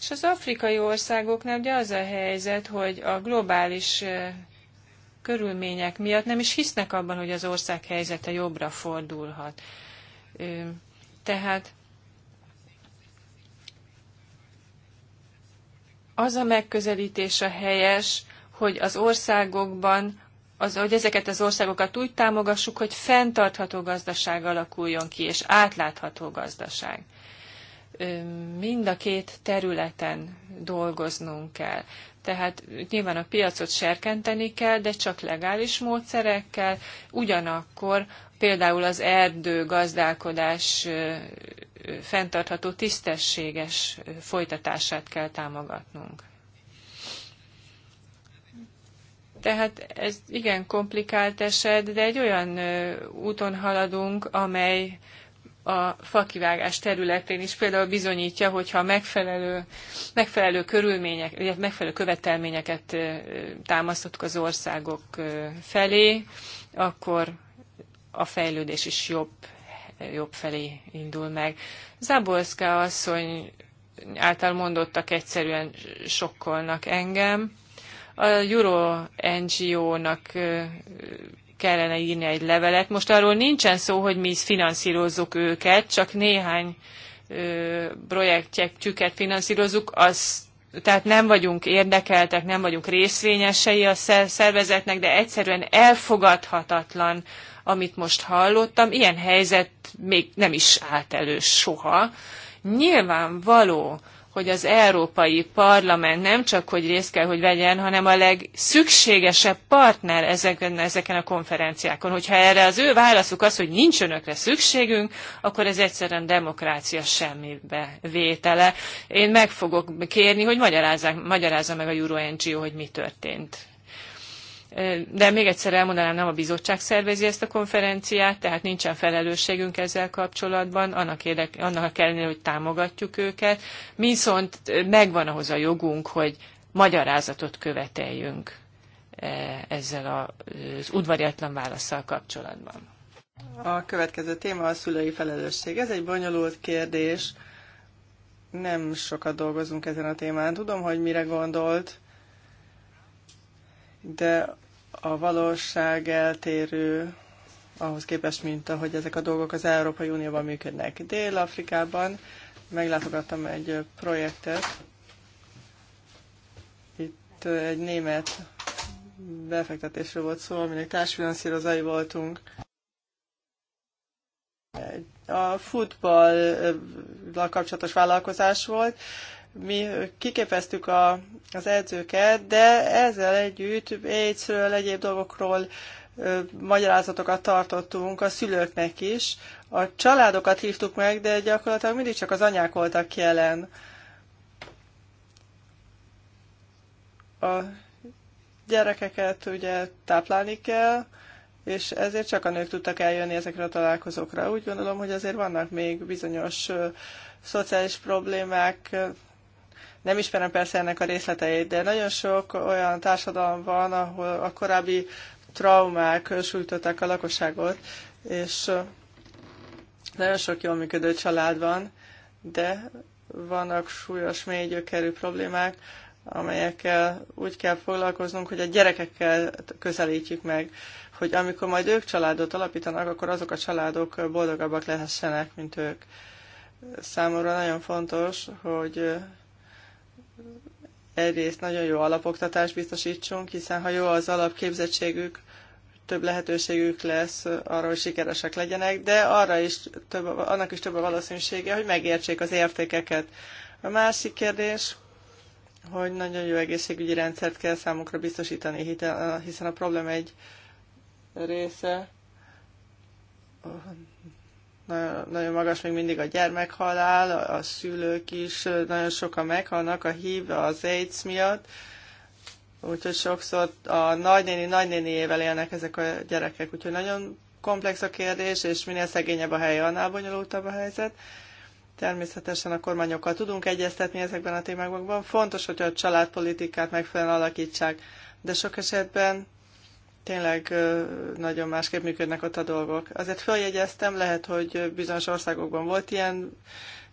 És az afrikai országoknál ugye az a helyzet, hogy a globális körülmények miatt nem is hisznek abban, hogy az ország helyzete jobbra fordulhat. Tehát az a megközelítés a helyes, hogy az országokban, az, hogy ezeket az országokat úgy támogassuk, hogy fenntartható gazdaság alakuljon ki, és átlátható gazdaság mind a két területen dolgoznunk kell. Tehát nyilván a piacot serkenteni kell, de csak legális módszerekkel, ugyanakkor például az erdő gazdálkodás fenntartható tisztességes folytatását kell támogatnunk. Tehát ez igen komplikált eset, de egy olyan úton haladunk, amely a fakivágás területén is például bizonyítja, hogyha megfelelő, megfelelő körülmények, megfelelő követelményeket támasztottuk az országok felé, akkor a fejlődés is jobb, jobb felé indul meg. Zábolszka asszony által mondottak egyszerűen sokkolnak engem. A Euro NGO-nak kellene írni egy levelet. Most arról nincsen szó, hogy mi finanszírozzuk őket, csak néhány projektjüket finanszírozzuk, az, tehát nem vagyunk érdekeltek, nem vagyunk részvényesei a szervezetnek, de egyszerűen elfogadhatatlan, amit most hallottam. Ilyen helyzet még nem is állt elő soha. Nyilvánvaló, hogy az Európai Parlament nem csak hogy részt kell, hogy vegyen, hanem a legszükségesebb partner ezeken, ezeken a konferenciákon. Hogyha erre az ő válaszuk az, hogy nincs önökre szükségünk, akkor ez egyszerűen demokrácia semmibe vétele. Én meg fogok kérni, hogy magyarázza meg a Euro NGO, hogy mi történt de még egyszer elmondanám, nem a bizottság szervezi ezt a konferenciát, tehát nincsen felelősségünk ezzel kapcsolatban, annak, érdek, annak kellene, hogy támogatjuk őket, viszont megvan ahhoz a jogunk, hogy magyarázatot követeljünk ezzel az udvariatlan válaszsal kapcsolatban. A következő téma a szülői felelősség. Ez egy bonyolult kérdés. Nem sokat dolgozunk ezen a témán. Tudom, hogy mire gondolt, de a valóság eltérő ahhoz képest, mint ahogy ezek a dolgok az Európai Unióban működnek. Dél-Afrikában meglátogattam egy projektet, itt egy német befektetésről volt szó, aminek társfinanszírozai voltunk. A futball kapcsolatos vállalkozás volt, mi kiképeztük a, az edzőket, de ezzel együtt AIDS-ről, egyéb dolgokról magyarázatokat tartottunk a szülőknek is. A családokat hívtuk meg, de gyakorlatilag mindig csak az anyák voltak jelen. A gyerekeket ugye táplálni kell, és ezért csak a nők tudtak eljönni ezekre a találkozókra. Úgy gondolom, hogy azért vannak még bizonyos ö, szociális problémák, nem ismerem persze ennek a részleteit, de nagyon sok olyan társadalom van, ahol a korábbi traumák sújtották a lakosságot, és nagyon sok jól működő család van, de vannak súlyos mély gyökerű problémák, amelyekkel úgy kell foglalkoznunk, hogy a gyerekekkel közelítjük meg, hogy amikor majd ők családot alapítanak, akkor azok a családok boldogabbak lehessenek, mint ők. Számomra nagyon fontos, hogy egyrészt nagyon jó alapoktatást biztosítsunk, hiszen ha jó az alapképzettségük, több lehetőségük lesz arra, hogy sikeresek legyenek, de arra is több, annak is több a valószínűsége, hogy megértsék az értékeket. A másik kérdés, hogy nagyon jó egészségügyi rendszert kell számukra biztosítani, hiszen a probléma egy része nagyon magas még mindig a gyermekhalál, a szülők is nagyon sokan meghalnak a HIV, az AIDS miatt, úgyhogy sokszor a nagynéni, nagynéniével élnek ezek a gyerekek, úgyhogy nagyon komplex a kérdés, és minél szegényebb a hely, annál bonyolultabb a helyzet. Természetesen a kormányokkal tudunk egyeztetni ezekben a témákban. Fontos, hogy a családpolitikát megfelelően alakítsák, de sok esetben tényleg nagyon másképp működnek ott a dolgok. Azért feljegyeztem, lehet, hogy bizonyos országokban volt ilyen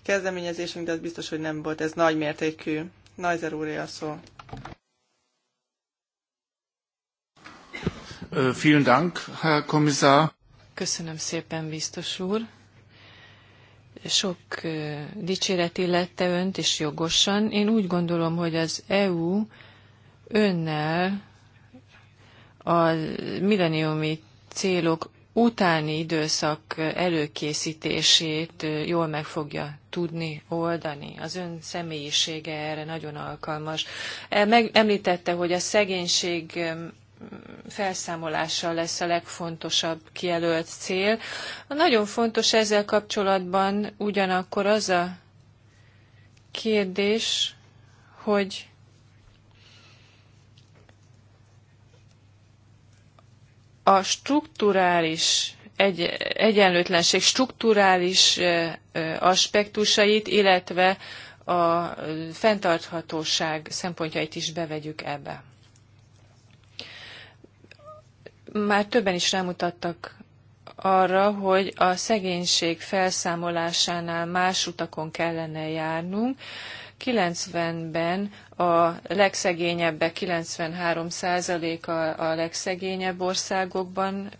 kezdeményezésünk, de az biztos, hogy nem volt. Ez nagy mértékű. Najzer úré a szó. Vielen Dank, Herr Kommissar. Köszönöm szépen, biztos úr. Sok dicséret illette önt, és jogosan. Én úgy gondolom, hogy az EU önnel a milleniumi célok utáni időszak előkészítését jól meg fogja tudni oldani. Az ön személyisége erre nagyon alkalmas. E, meg említette, hogy a szegénység felszámolása lesz a legfontosabb kijelölt cél. Nagyon fontos ezzel kapcsolatban ugyanakkor az a kérdés, hogy a strukturális egy, egyenlőtlenség strukturális aspektusait, illetve a fenntarthatóság szempontjait is bevegyük ebbe. Már többen is rámutattak arra, hogy a szegénység felszámolásánál más utakon kellene járnunk, 90-ben a legszegényebbek 93%-a a legszegényebb országokban,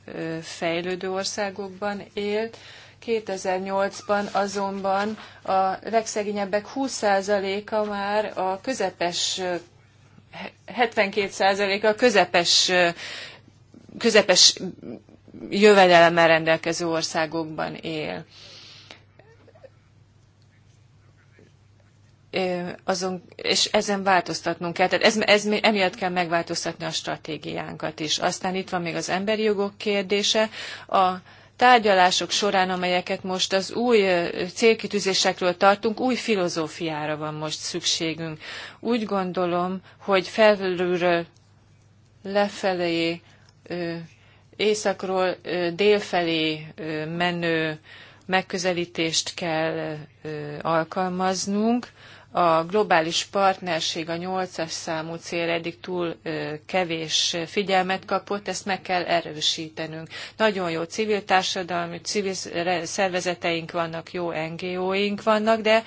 fejlődő országokban élt, 2008-ban azonban a legszegényebbek 20%-a már a közepes, 72%-a közepes, közepes jövedelemmel rendelkező országokban él. azon, és ezen változtatnunk kell. Tehát ez, ez, emiatt kell megváltoztatni a stratégiánkat is. Aztán itt van még az emberi jogok kérdése. A tárgyalások során, amelyeket most az új célkitűzésekről tartunk, új filozófiára van most szükségünk. Úgy gondolom, hogy felülről lefelé, északról délfelé menő megközelítést kell alkalmaznunk, a globális partnerség a nyolcas számú cél eddig túl kevés figyelmet kapott, ezt meg kell erősítenünk. Nagyon jó civil társadalmi, civil szervezeteink vannak, jó NGO-ink vannak, de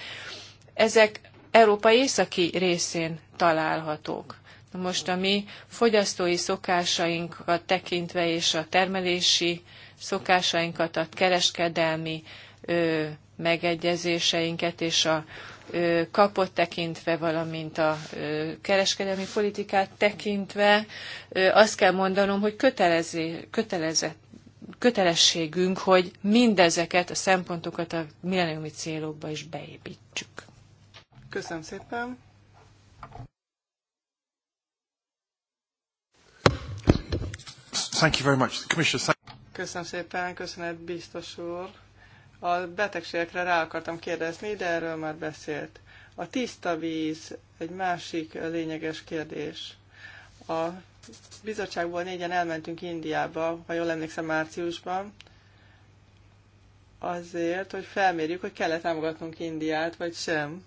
ezek Európa északi részén találhatók. Most a mi fogyasztói szokásainkat tekintve és a termelési szokásainkat, a kereskedelmi ö, megegyezéseinket és a kapott tekintve, valamint a kereskedelmi politikát tekintve, azt kell mondanom, hogy kötelező, kötelezett kötelességünk, hogy mindezeket a szempontokat a milleniumi célokba is beépítsük. Köszönöm szépen! Thank you very much. Commissioner, Köszönöm szépen, köszönet biztos úr. A betegségekre rá akartam kérdezni, de erről már beszélt. A tiszta víz egy másik lényeges kérdés. A bizottságból négyen elmentünk Indiába, ha jól emlékszem márciusban, azért, hogy felmérjük, hogy kell-e támogatnunk Indiát, vagy sem.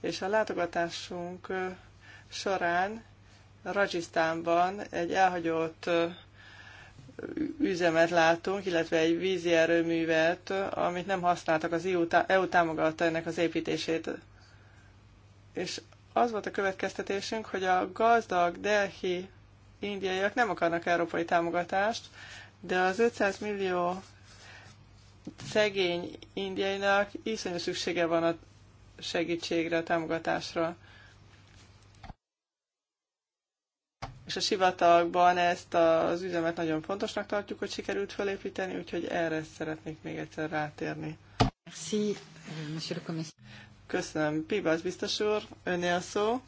És a látogatásunk során Rajisztánban egy elhagyott üzemet látunk, illetve egy vízi erőművet, amit nem használtak, az EU, EU támogatta ennek az építését. És az volt a következtetésünk, hogy a gazdag Delhi indiaiak nem akarnak európai támogatást, de az 500 millió szegény indiainak iszonyú szüksége van a segítségre, a támogatásra. és a sivatagban ezt az üzemet nagyon fontosnak tartjuk, hogy sikerült felépíteni, úgyhogy erre szeretnék még egyszer rátérni. Merci, monsieur le Köszönöm. Pibasz biztos úr, önnél a szó,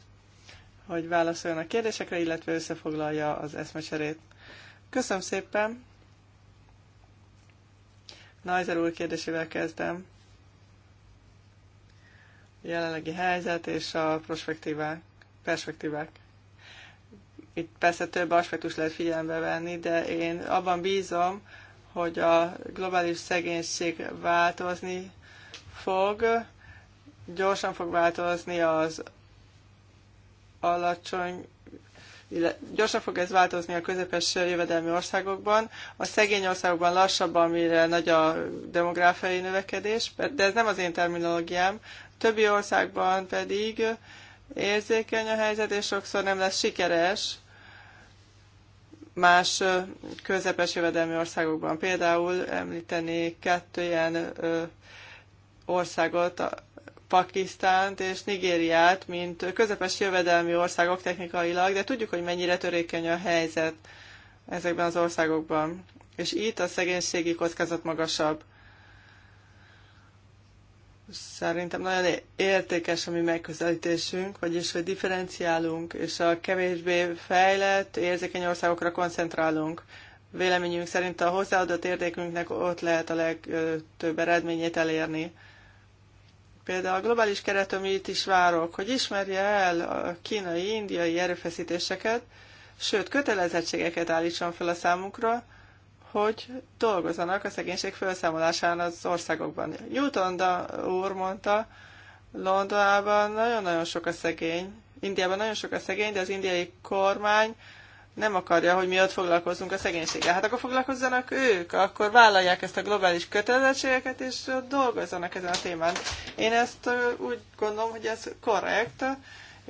hogy válaszoljon a kérdésekre, illetve összefoglalja az eszmecserét. Köszönöm szépen. Najzer úr kérdésével kezdem. Jelenlegi helyzet és a perspektívák. Itt persze több aspektus lehet figyelembe venni, de én abban bízom, hogy a globális szegénység változni fog, gyorsan fog változni az alacsony, gyorsan fog ez változni a közepes jövedelmi országokban. A szegény országokban lassabban, mire nagy a demográfiai növekedés, de ez nem az én terminológiám. többi országban pedig érzékeny a helyzet, és sokszor nem lesz sikeres más közepes jövedelmi országokban. Például említeni kettő ilyen országot, Pakisztánt és Nigériát, mint közepes jövedelmi országok technikailag, de tudjuk, hogy mennyire törékeny a helyzet ezekben az országokban. És itt a szegénységi kockázat magasabb szerintem nagyon értékes a mi megközelítésünk, vagyis hogy differenciálunk, és a kevésbé fejlett, érzékeny országokra koncentrálunk. Véleményünk szerint a hozzáadott értékünknek ott lehet a legtöbb eredményét elérni. Például a globális keret, amit is várok, hogy ismerje el a kínai, indiai erőfeszítéseket, sőt, kötelezettségeket állítson fel a számunkra, hogy dolgozzanak a szegénység felszámolásán az országokban. Newton da úr mondta, Londonában nagyon-nagyon sok a szegény, Indiában nagyon sok a szegény, de az indiai kormány nem akarja, hogy mi ott foglalkozzunk a szegénységgel. Hát akkor foglalkozzanak ők, akkor vállalják ezt a globális kötelezettségeket, és dolgozzanak ezen a témán. Én ezt úgy gondolom, hogy ez korrekt,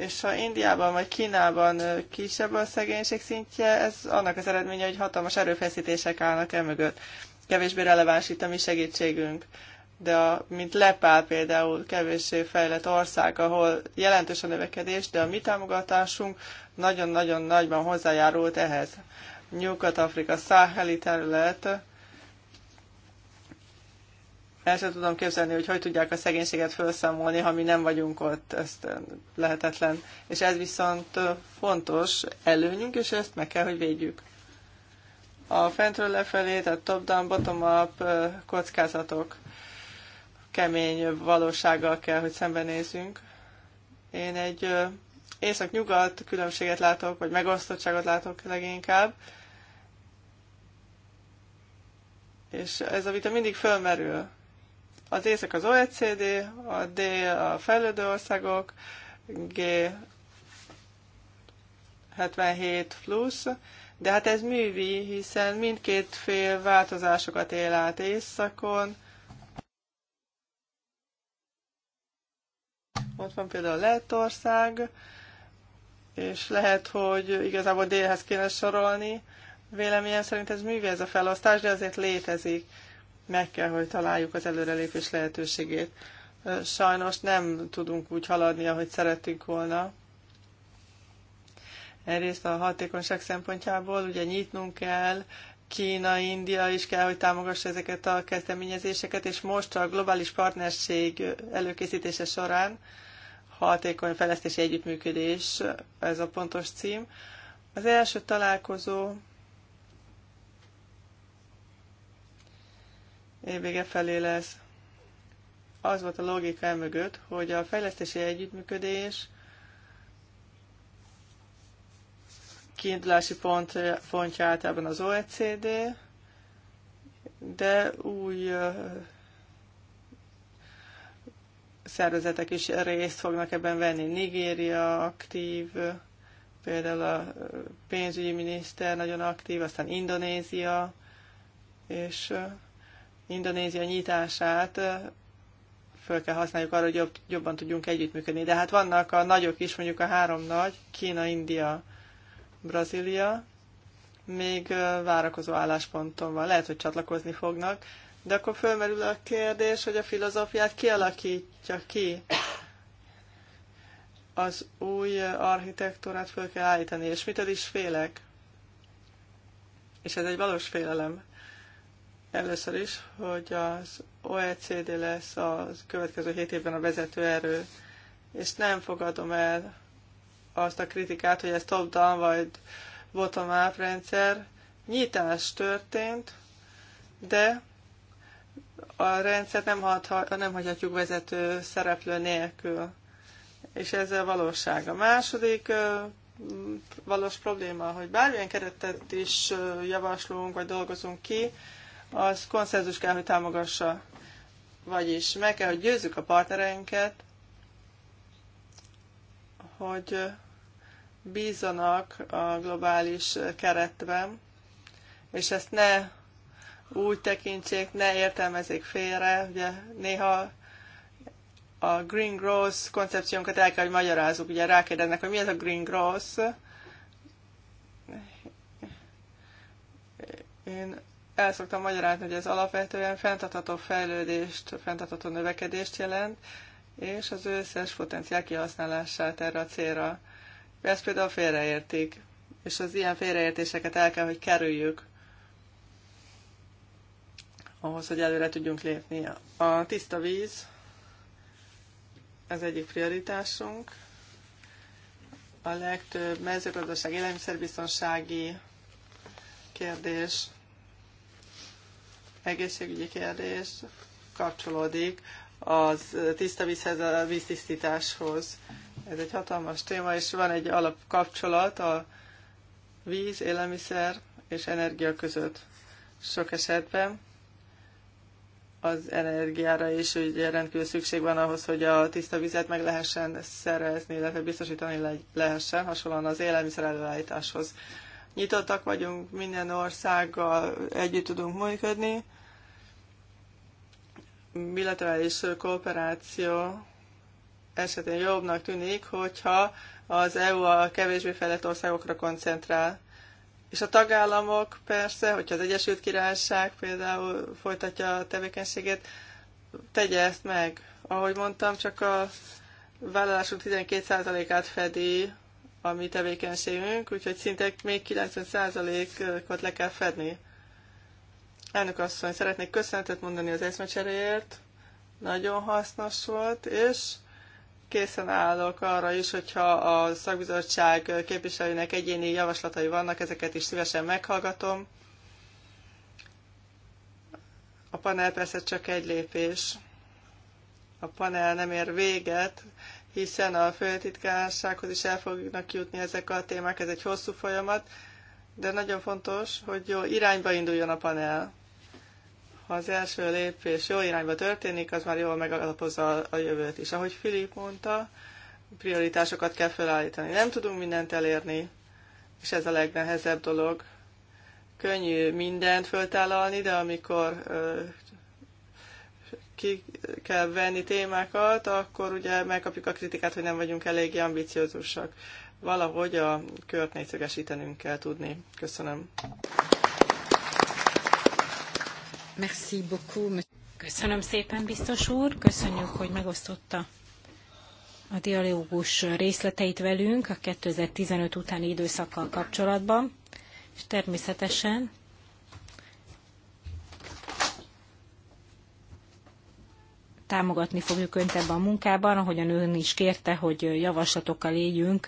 és ha Indiában vagy Kínában kisebb a szegénység szintje, ez annak az eredménye, hogy hatalmas erőfeszítések állnak el mögött. Kevésbé releváns itt a mi segítségünk. De a, mint Lepál például kevéssé fejlett ország, ahol jelentős a növekedés, de a mi támogatásunk nagyon-nagyon nagyban hozzájárult ehhez. Nyugat-Afrika száheli terület, el sem tudom képzelni, hogy hogy tudják a szegénységet felszámolni, ha mi nem vagyunk ott, ez lehetetlen. És ez viszont fontos előnyünk, és ezt meg kell, hogy védjük. A fentről lefelé, tehát top-down, bottom-up kockázatok kemény valósággal kell, hogy szembenézzünk. Én egy észak-nyugat különbséget látok, vagy megosztottságot látok leginkább. És ez a vita mindig fölmerül az észak az OECD, a D a fejlődő országok, G 77 plusz, de hát ez művi, hiszen mindkét fél változásokat él át északon. Ott van például Lettország, és lehet, hogy igazából délhez kéne sorolni. Véleményem szerint ez művi ez a felosztás, de azért létezik meg kell, hogy találjuk az előrelépés lehetőségét. Sajnos nem tudunk úgy haladni, ahogy szerettünk volna. Egyrészt a hatékonyság szempontjából ugye nyitnunk kell, Kína, India is kell, hogy támogassa ezeket a kezdeményezéseket, és most a globális partnerség előkészítése során hatékony fejlesztési együttműködés, ez a pontos cím. Az első találkozó évvége felé lesz. Az volt a logika e mögött, hogy a fejlesztési együttműködés kiindulási pont, eh, pontja általában az OECD, de új eh, szervezetek is részt fognak ebben venni. Nigéria aktív, például a eh, pénzügyi miniszter nagyon aktív, aztán Indonézia, és Indonézia nyitását föl kell használjuk arra, hogy jobb, jobban tudjunk együttműködni. De hát vannak a nagyok is, mondjuk a három nagy, Kína, India, Brazília, még várakozó állásponton van. Lehet, hogy csatlakozni fognak, de akkor fölmerül a kérdés, hogy a filozófiát kialakítja ki. Az új architektúrát föl kell állítani, és mitől is félek? És ez egy valós félelem. Először is, hogy az OECD lesz a következő hét évben a vezető erő, és nem fogadom el azt a kritikát, hogy ez top-down vagy bottom-up rendszer. Nyitás történt, de a rendszert nem, hatha, nem hagyhatjuk vezető szereplő nélkül. És ez a valóság. A második valós probléma, hogy bármilyen keretet is javaslunk, vagy dolgozunk ki, az konszenzus kell, hogy támogassa. Vagyis meg kell, hogy győzzük a partnereinket, hogy bízanak a globális keretben, és ezt ne úgy tekintsék, ne értelmezik félre. Ugye néha a green growth koncepciónkat el kell, hogy magyarázzuk. Ugye rákérdeznek, hogy mi ez a green growth. Én el szoktam magyarázni, hogy ez alapvetően fenntartható fejlődést, fenntartható növekedést jelent, és az összes potenciál kihasználását erre a célra. Ezt például félreértik, és az ilyen félreértéseket el kell, hogy kerüljük ahhoz, hogy előre tudjunk lépni. A tiszta víz, ez egyik prioritásunk. A legtöbb mezőgazdaság, élelmiszerbiztonsági kérdés egészségügyi kérdés kapcsolódik az tiszta vízhez, a víztisztításhoz. Ez egy hatalmas téma, és van egy alapkapcsolat a víz, élelmiszer és energia között. Sok esetben az energiára is ugye rendkívül szükség van ahhoz, hogy a tiszta vizet meg lehessen szerezni, illetve biztosítani lehessen, hasonlóan az élelmiszer előállításhoz. Nyitottak vagyunk, minden országgal együtt tudunk működni. Bilaterális kooperáció esetén jobbnak tűnik, hogyha az EU a kevésbé fejlett országokra koncentrál. És a tagállamok persze, hogyha az Egyesült Királyság például folytatja a tevékenységét, tegye ezt meg. Ahogy mondtam, csak a vállalásunk 12%-át fedi a mi tevékenységünk, úgyhogy szinte még 90%-ot le kell fedni. Elnök asszony, szeretnék köszönetet mondani az eszmecseréért, nagyon hasznos volt, és készen állok arra is, hogyha a szakbizottság képviselőinek egyéni javaslatai vannak, ezeket is szívesen meghallgatom. A panel persze csak egy lépés. A panel nem ér véget, hiszen a főtitkársághoz is el fognak jutni ezek a témák, ez egy hosszú folyamat, de nagyon fontos, hogy jó irányba induljon a panel. Ha az első lépés jó irányba történik, az már jól megalapozza a jövőt is. Ahogy Filip mondta, prioritásokat kell felállítani. Nem tudunk mindent elérni, és ez a legnehezebb dolog. Könnyű mindent föltállalni, de amikor ki kell venni témákat, akkor ugye megkapjuk a kritikát, hogy nem vagyunk eléggé ambiciózusak. Valahogy a kört négyszögesítenünk kell tudni. Köszönöm. Merci beaucoup. Köszönöm szépen, biztos úr. Köszönjük, hogy megosztotta a dialógus részleteit velünk a 2015 utáni időszakkal kapcsolatban, és természetesen támogatni fogjuk önt ebben a munkában, ahogyan ön is kérte, hogy javaslatokkal éljünk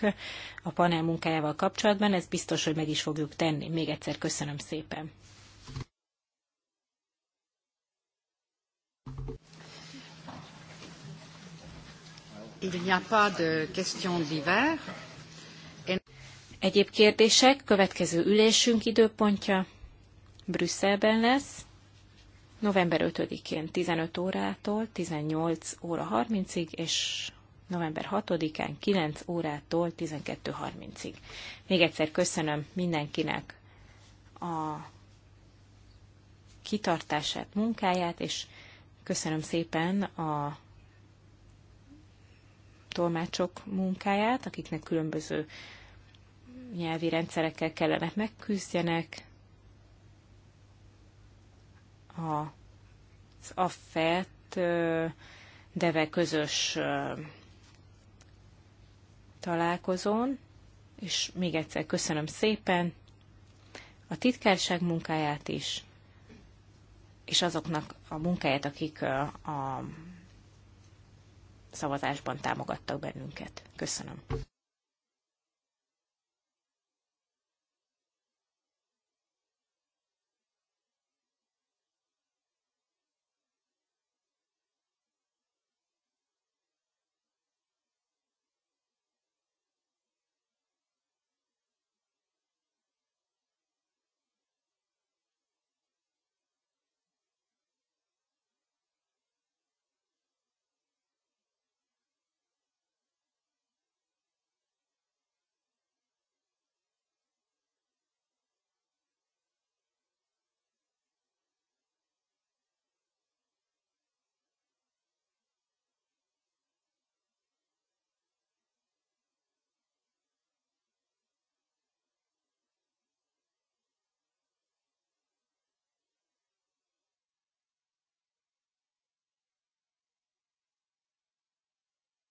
a panel munkájával kapcsolatban, ez biztos, hogy meg is fogjuk tenni. Még egyszer köszönöm szépen. Il n'y a pas de d'hiver. Egyéb kérdések, következő ülésünk időpontja Brüsszelben lesz november 5-én 15 órától 18 óra 30-ig, és november 6-án 9 órától 12.30-ig. Még egyszer köszönöm mindenkinek a kitartását, munkáját, és köszönöm szépen a tolmácsok munkáját, akiknek különböző nyelvi rendszerekkel kellene megküzdjenek, a, az AFET deve közös találkozón, és még egyszer köszönöm szépen a titkárság munkáját is, és azoknak a munkáját, akik a szavazásban támogattak bennünket. Köszönöm.